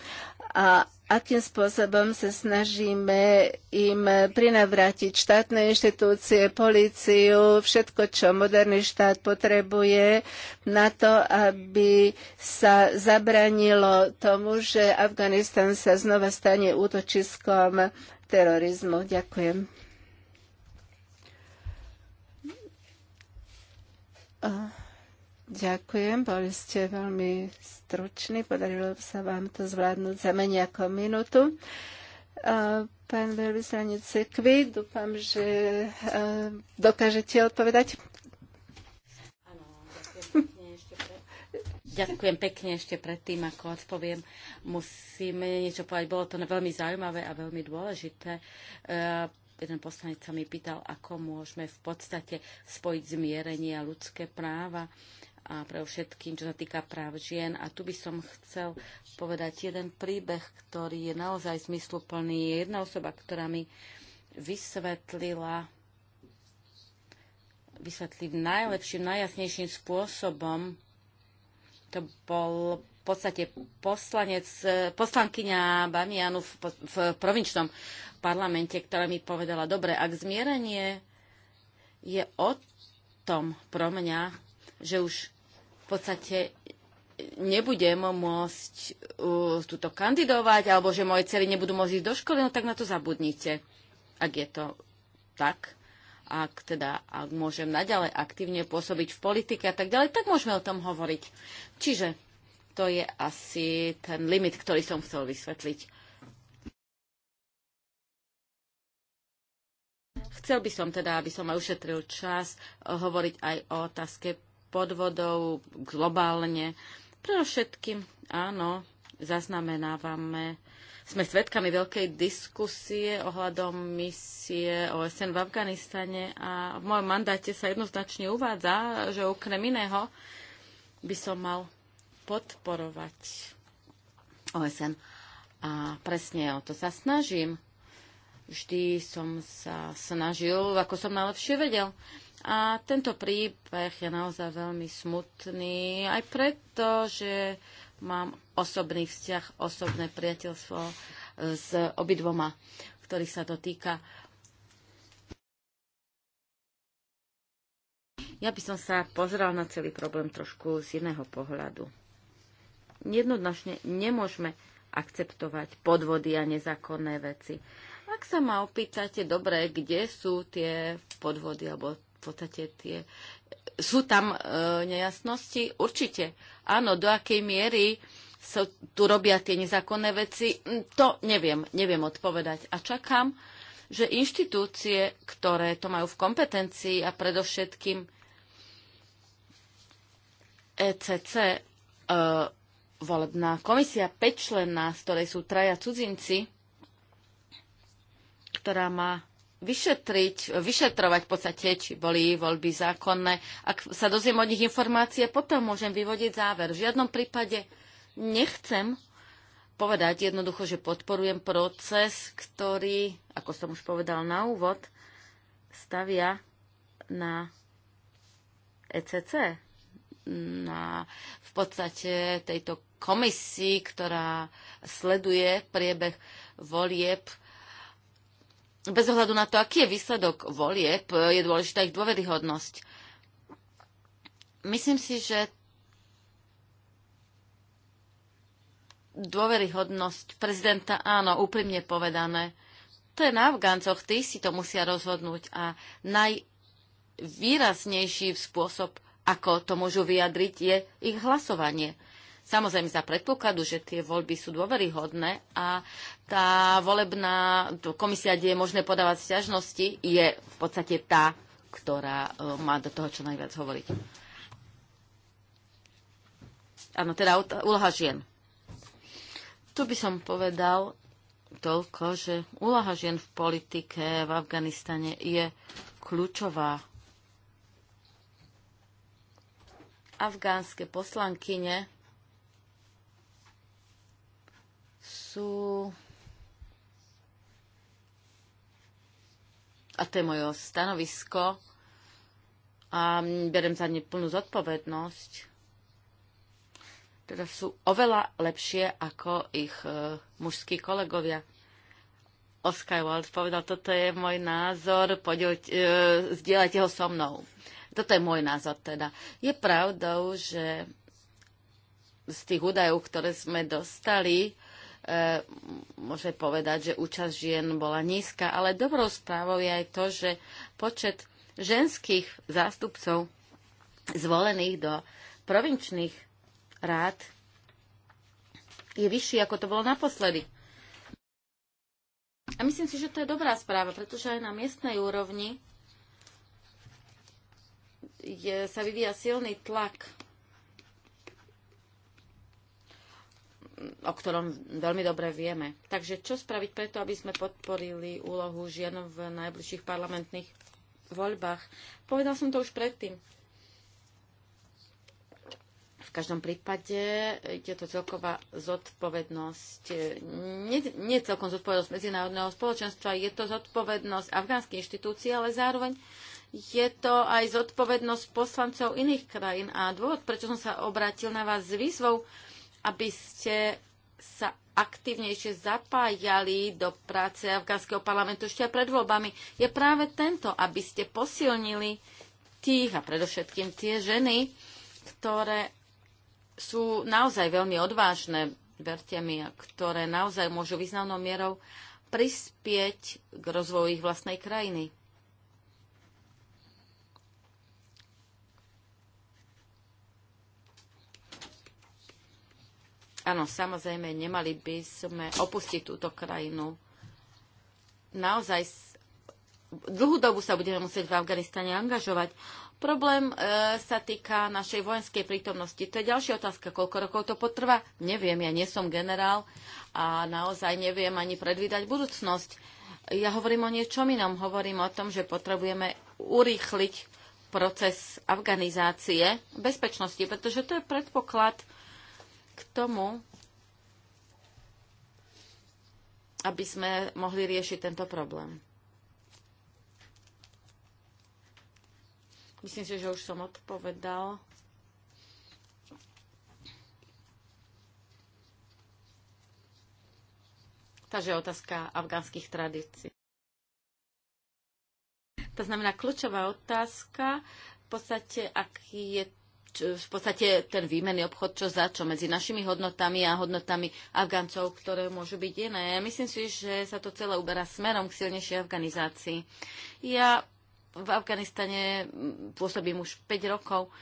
a akým spôsobom sa snažíme im prinavrátiť štátne inštitúcie, políciu, všetko, čo moderný štát potrebuje na to, aby sa zabranilo tomu, že Afganistan sa znova stane útočiskom terorizmu. Ďakujem. Ďakujem, boli ste veľmi struční, podarilo sa vám to zvládnuť za menej ako minútu. Pán veľvyslanec Sekvi, dúfam, že e, dokážete odpovedať. Áno, ďakujem, pekne ešte predtým, ako odpoviem. Musíme niečo povedať, bolo to veľmi zaujímavé a veľmi dôležité e, jeden poslanec sa mi pýtal, ako môžeme v podstate spojiť zmierenie a ľudské práva a pre všetkým, čo sa týka práv žien. A tu by som chcel povedať jeden príbeh, ktorý je naozaj zmysluplný. Je jedna osoba, ktorá mi vysvetlila vysvetlí najlepším, najjasnejším spôsobom. To bol podstate poslanec, e, poslankyňa Bamianu v, v provinčnom parlamente, ktorá mi povedala, dobre, ak zmierenie je o tom pro mňa, že už v podstate nebudem môcť uh, túto kandidovať, alebo že moje cery nebudú môcť ísť do školy, no tak na to zabudnite, ak je to tak ak teda ak môžem naďalej aktívne pôsobiť v politike a tak ďalej, tak môžeme o tom hovoriť. Čiže to je asi ten limit, ktorý som chcel vysvetliť. Chcel by som teda, aby som aj ušetril čas, eh, hovoriť aj o otázke podvodov globálne. všetkým, áno, zaznamenávame, sme svedkami veľkej diskusie ohľadom misie OSN v Afganistane a v mojom mandáte sa jednoznačne uvádza, že okrem iného by som mal podporovať OSN. A presne o to sa snažím. Vždy som sa snažil, ako som najlepšie vedel. A tento príbeh je naozaj veľmi smutný, aj preto, že mám osobný vzťah, osobné priateľstvo e, s obidvoma, ktorých sa to týka. Ja by som sa pozrel na celý problém trošku z iného pohľadu jednoznačne nemôžeme akceptovať podvody a nezákonné veci. Ak sa ma opýtate, dobre, kde sú tie podvody, alebo v podstate tie... Sú tam e, nejasnosti? Určite. Áno, do akej miery sa tu robia tie nezákonné veci, to neviem, neviem odpovedať. A čakám, že inštitúcie, ktoré to majú v kompetencii a predovšetkým ECC, e, e volebná komisia 5 členná, z ktorej sú traja cudzinci, ktorá má vyšetriť, vyšetrovať v podstate, či boli voľby zákonné. Ak sa dozviem od nich informácie, potom môžem vyvodiť záver. V žiadnom prípade nechcem povedať jednoducho, že podporujem proces, ktorý, ako som už povedal na úvod, stavia na ECC, na v podstate tejto komisii, ktorá sleduje priebeh volieb. Bez ohľadu na to, aký je výsledok volieb, je dôležitá ich dôveryhodnosť. Myslím si, že dôveryhodnosť prezidenta, áno, úprimne povedané, to je na Afgáncoch, tí si to musia rozhodnúť a najvýraznejší spôsob ako to môžu vyjadriť, je ich hlasovanie. Samozrejme za predpokladu, že tie voľby sú dôveryhodné a tá volebná komisia, kde je možné podávať sťažnosti, je v podstate tá, ktorá e, má do toho čo najviac hovoriť. Áno, teda úloha žien. Tu by som povedal toľko, že úloha žien v politike v Afganistane je kľúčová afgánske poslankyne sú a to je moje stanovisko a berem za ne plnú zodpovednosť. Teda sú oveľa lepšie ako ich e, mužskí kolegovia. Oscar Wilde povedal, toto je môj názor, podielte, e, zdieľajte ho so mnou. Toto je môj názor teda. Je pravdou, že z tých údajov, ktoré sme dostali, e, môže povedať, že účasť žien bola nízka, ale dobrou správou je aj to, že počet ženských zástupcov zvolených do provinčných rád je vyšší, ako to bolo naposledy. A myslím si, že to je dobrá správa, pretože aj na miestnej úrovni je, sa vyvíja silný tlak, o ktorom veľmi dobre vieme. Takže čo spraviť preto, aby sme podporili úlohu žien v najbližších parlamentných voľbách? Povedal som to už predtým. V každom prípade je to celková zodpovednosť, nie, nie celkom zodpovednosť medzinárodného spoločenstva, je to zodpovednosť afgánskej inštitúcie, ale zároveň je to aj zodpovednosť poslancov iných krajín. A dôvod, prečo som sa obrátil na vás s výzvou, aby ste sa aktívnejšie zapájali do práce afgánskeho parlamentu ešte aj pred voľbami, je práve tento, aby ste posilnili tých a predovšetkým tie ženy, ktoré sú naozaj veľmi odvážne, verte mi, a ktoré naozaj môžu významnou mierou prispieť k rozvoju ich vlastnej krajiny. Áno, samozrejme, nemali by sme opustiť túto krajinu. Naozaj dlhú dobu sa budeme musieť v Afganistane angažovať. Problém e, sa týka našej vojenskej prítomnosti. To je ďalšia otázka, koľko rokov to potrvá. Neviem, ja nie som generál a naozaj neviem ani predvídať budúcnosť. Ja hovorím o niečom inom. Hovorím o tom, že potrebujeme urýchliť proces afganizácie bezpečnosti, pretože to je predpoklad k tomu, aby sme mohli riešiť tento problém. Myslím si, že už som odpovedal. Takže otázka afgánskych tradícií. To znamená kľúčová otázka, v podstate, aký je v podstate ten výmenný obchod čo za čo medzi našimi hodnotami a hodnotami Afgáncov, ktoré môžu byť iné. Myslím si, že sa to celé uberá smerom k silnejšej afganizácii. Ja v Afganistane mm, pôsobím už 5 rokov,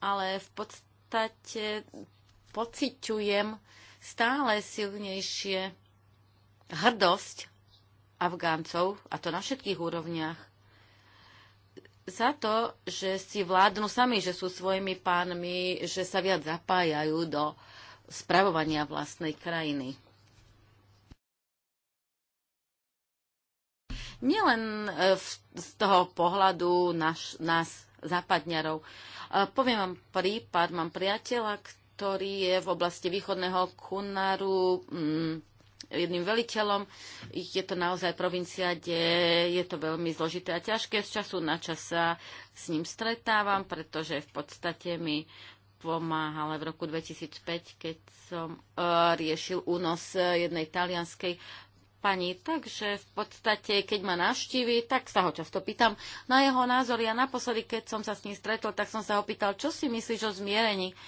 ale v podstate pociťujem stále silnejšie hrdosť Afgáncov, a to na všetkých úrovniach, za to, že si vládnu sami, že sú svojimi pánmi, že sa viac zapájajú do spravovania vlastnej krajiny. Nielen e, z toho pohľadu naš, nás, západňarov. E, poviem vám prípad, mám priateľa, ktorý je v oblasti východného Kunaru mm, jedným veliteľom. Je to naozaj provincia, kde je to veľmi zložité a ťažké. Z času na čas sa s ním stretávam, pretože v podstate mi pomáhala v roku 2005, keď som uh, riešil únos e, jednej talianskej pani. Takže v podstate, keď ma navštívi, tak sa ho často pýtam na jeho názor. Ja naposledy, keď som sa s ním stretol, tak som sa ho pýtal, čo si myslíš o zmierení.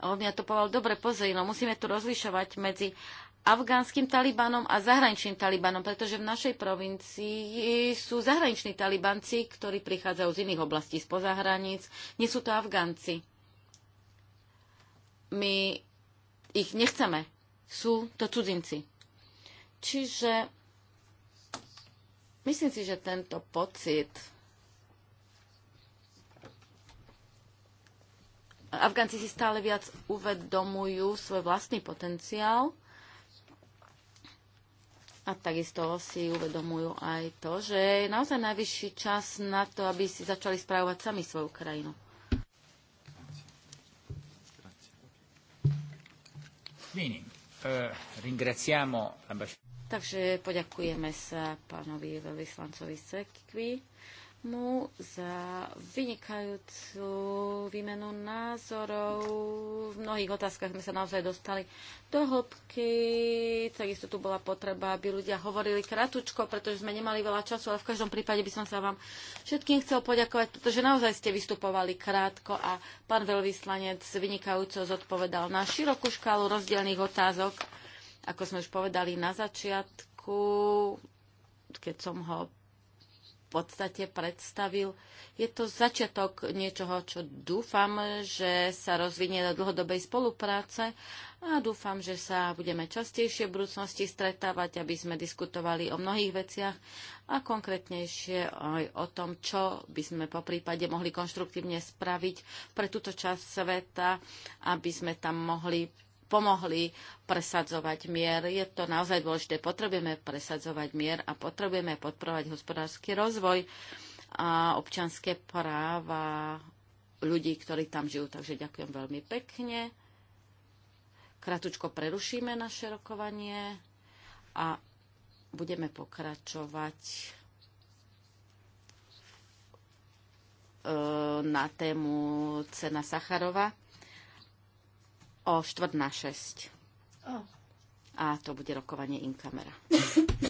A on mňa to povedal, dobre, pozri, no musíme tu rozlišovať medzi afgánskym talibanom a zahraničným talibanom, pretože v našej provincii sú zahraniční talibanci, ktorí prichádzajú z iných oblastí, spoza hraníc. Nie sú to Afgánci. My ich nechceme. Sú to cudzinci. Čiže myslím si, že tento pocit Afgánci si stále viac uvedomujú svoj vlastný potenciál a takisto si uvedomujú aj to, že je naozaj najvyšší čas na to, aby si začali správovať sami svoju krajinu. Eh, Takže poďakujeme sa pánovi veľvyslancovi Sekvi mu za vynikajúcu výmenu názorov. V mnohých otázkach sme sa naozaj dostali do hĺbky. Takisto tu bola potreba, aby ľudia hovorili kratučko, pretože sme nemali veľa času, ale v každom prípade by som sa vám všetkým chcel poďakovať, pretože naozaj ste vystupovali krátko a pán veľvyslanec vynikajúco zodpovedal na širokú škálu rozdielných otázok. Ako sme už povedali na začiatku, keď som ho podstate predstavil. Je to začiatok niečoho, čo dúfam, že sa rozvinie do dlhodobej spolupráce a dúfam, že sa budeme častejšie v budúcnosti stretávať, aby sme diskutovali o mnohých veciach a konkrétnejšie aj o tom, čo by sme po prípade mohli konštruktívne spraviť pre túto časť sveta, aby sme tam mohli pomohli presadzovať mier. Je to naozaj dôležité. Potrebujeme presadzovať mier a potrebujeme podporovať hospodársky rozvoj a občanské práva ľudí, ktorí tam žijú. Takže ďakujem veľmi pekne. Kratučko prerušíme naše rokovanie a budeme pokračovať e, na tému cena Sacharova o štvrt na šesť. Oh. A to bude rokovanie in kamera.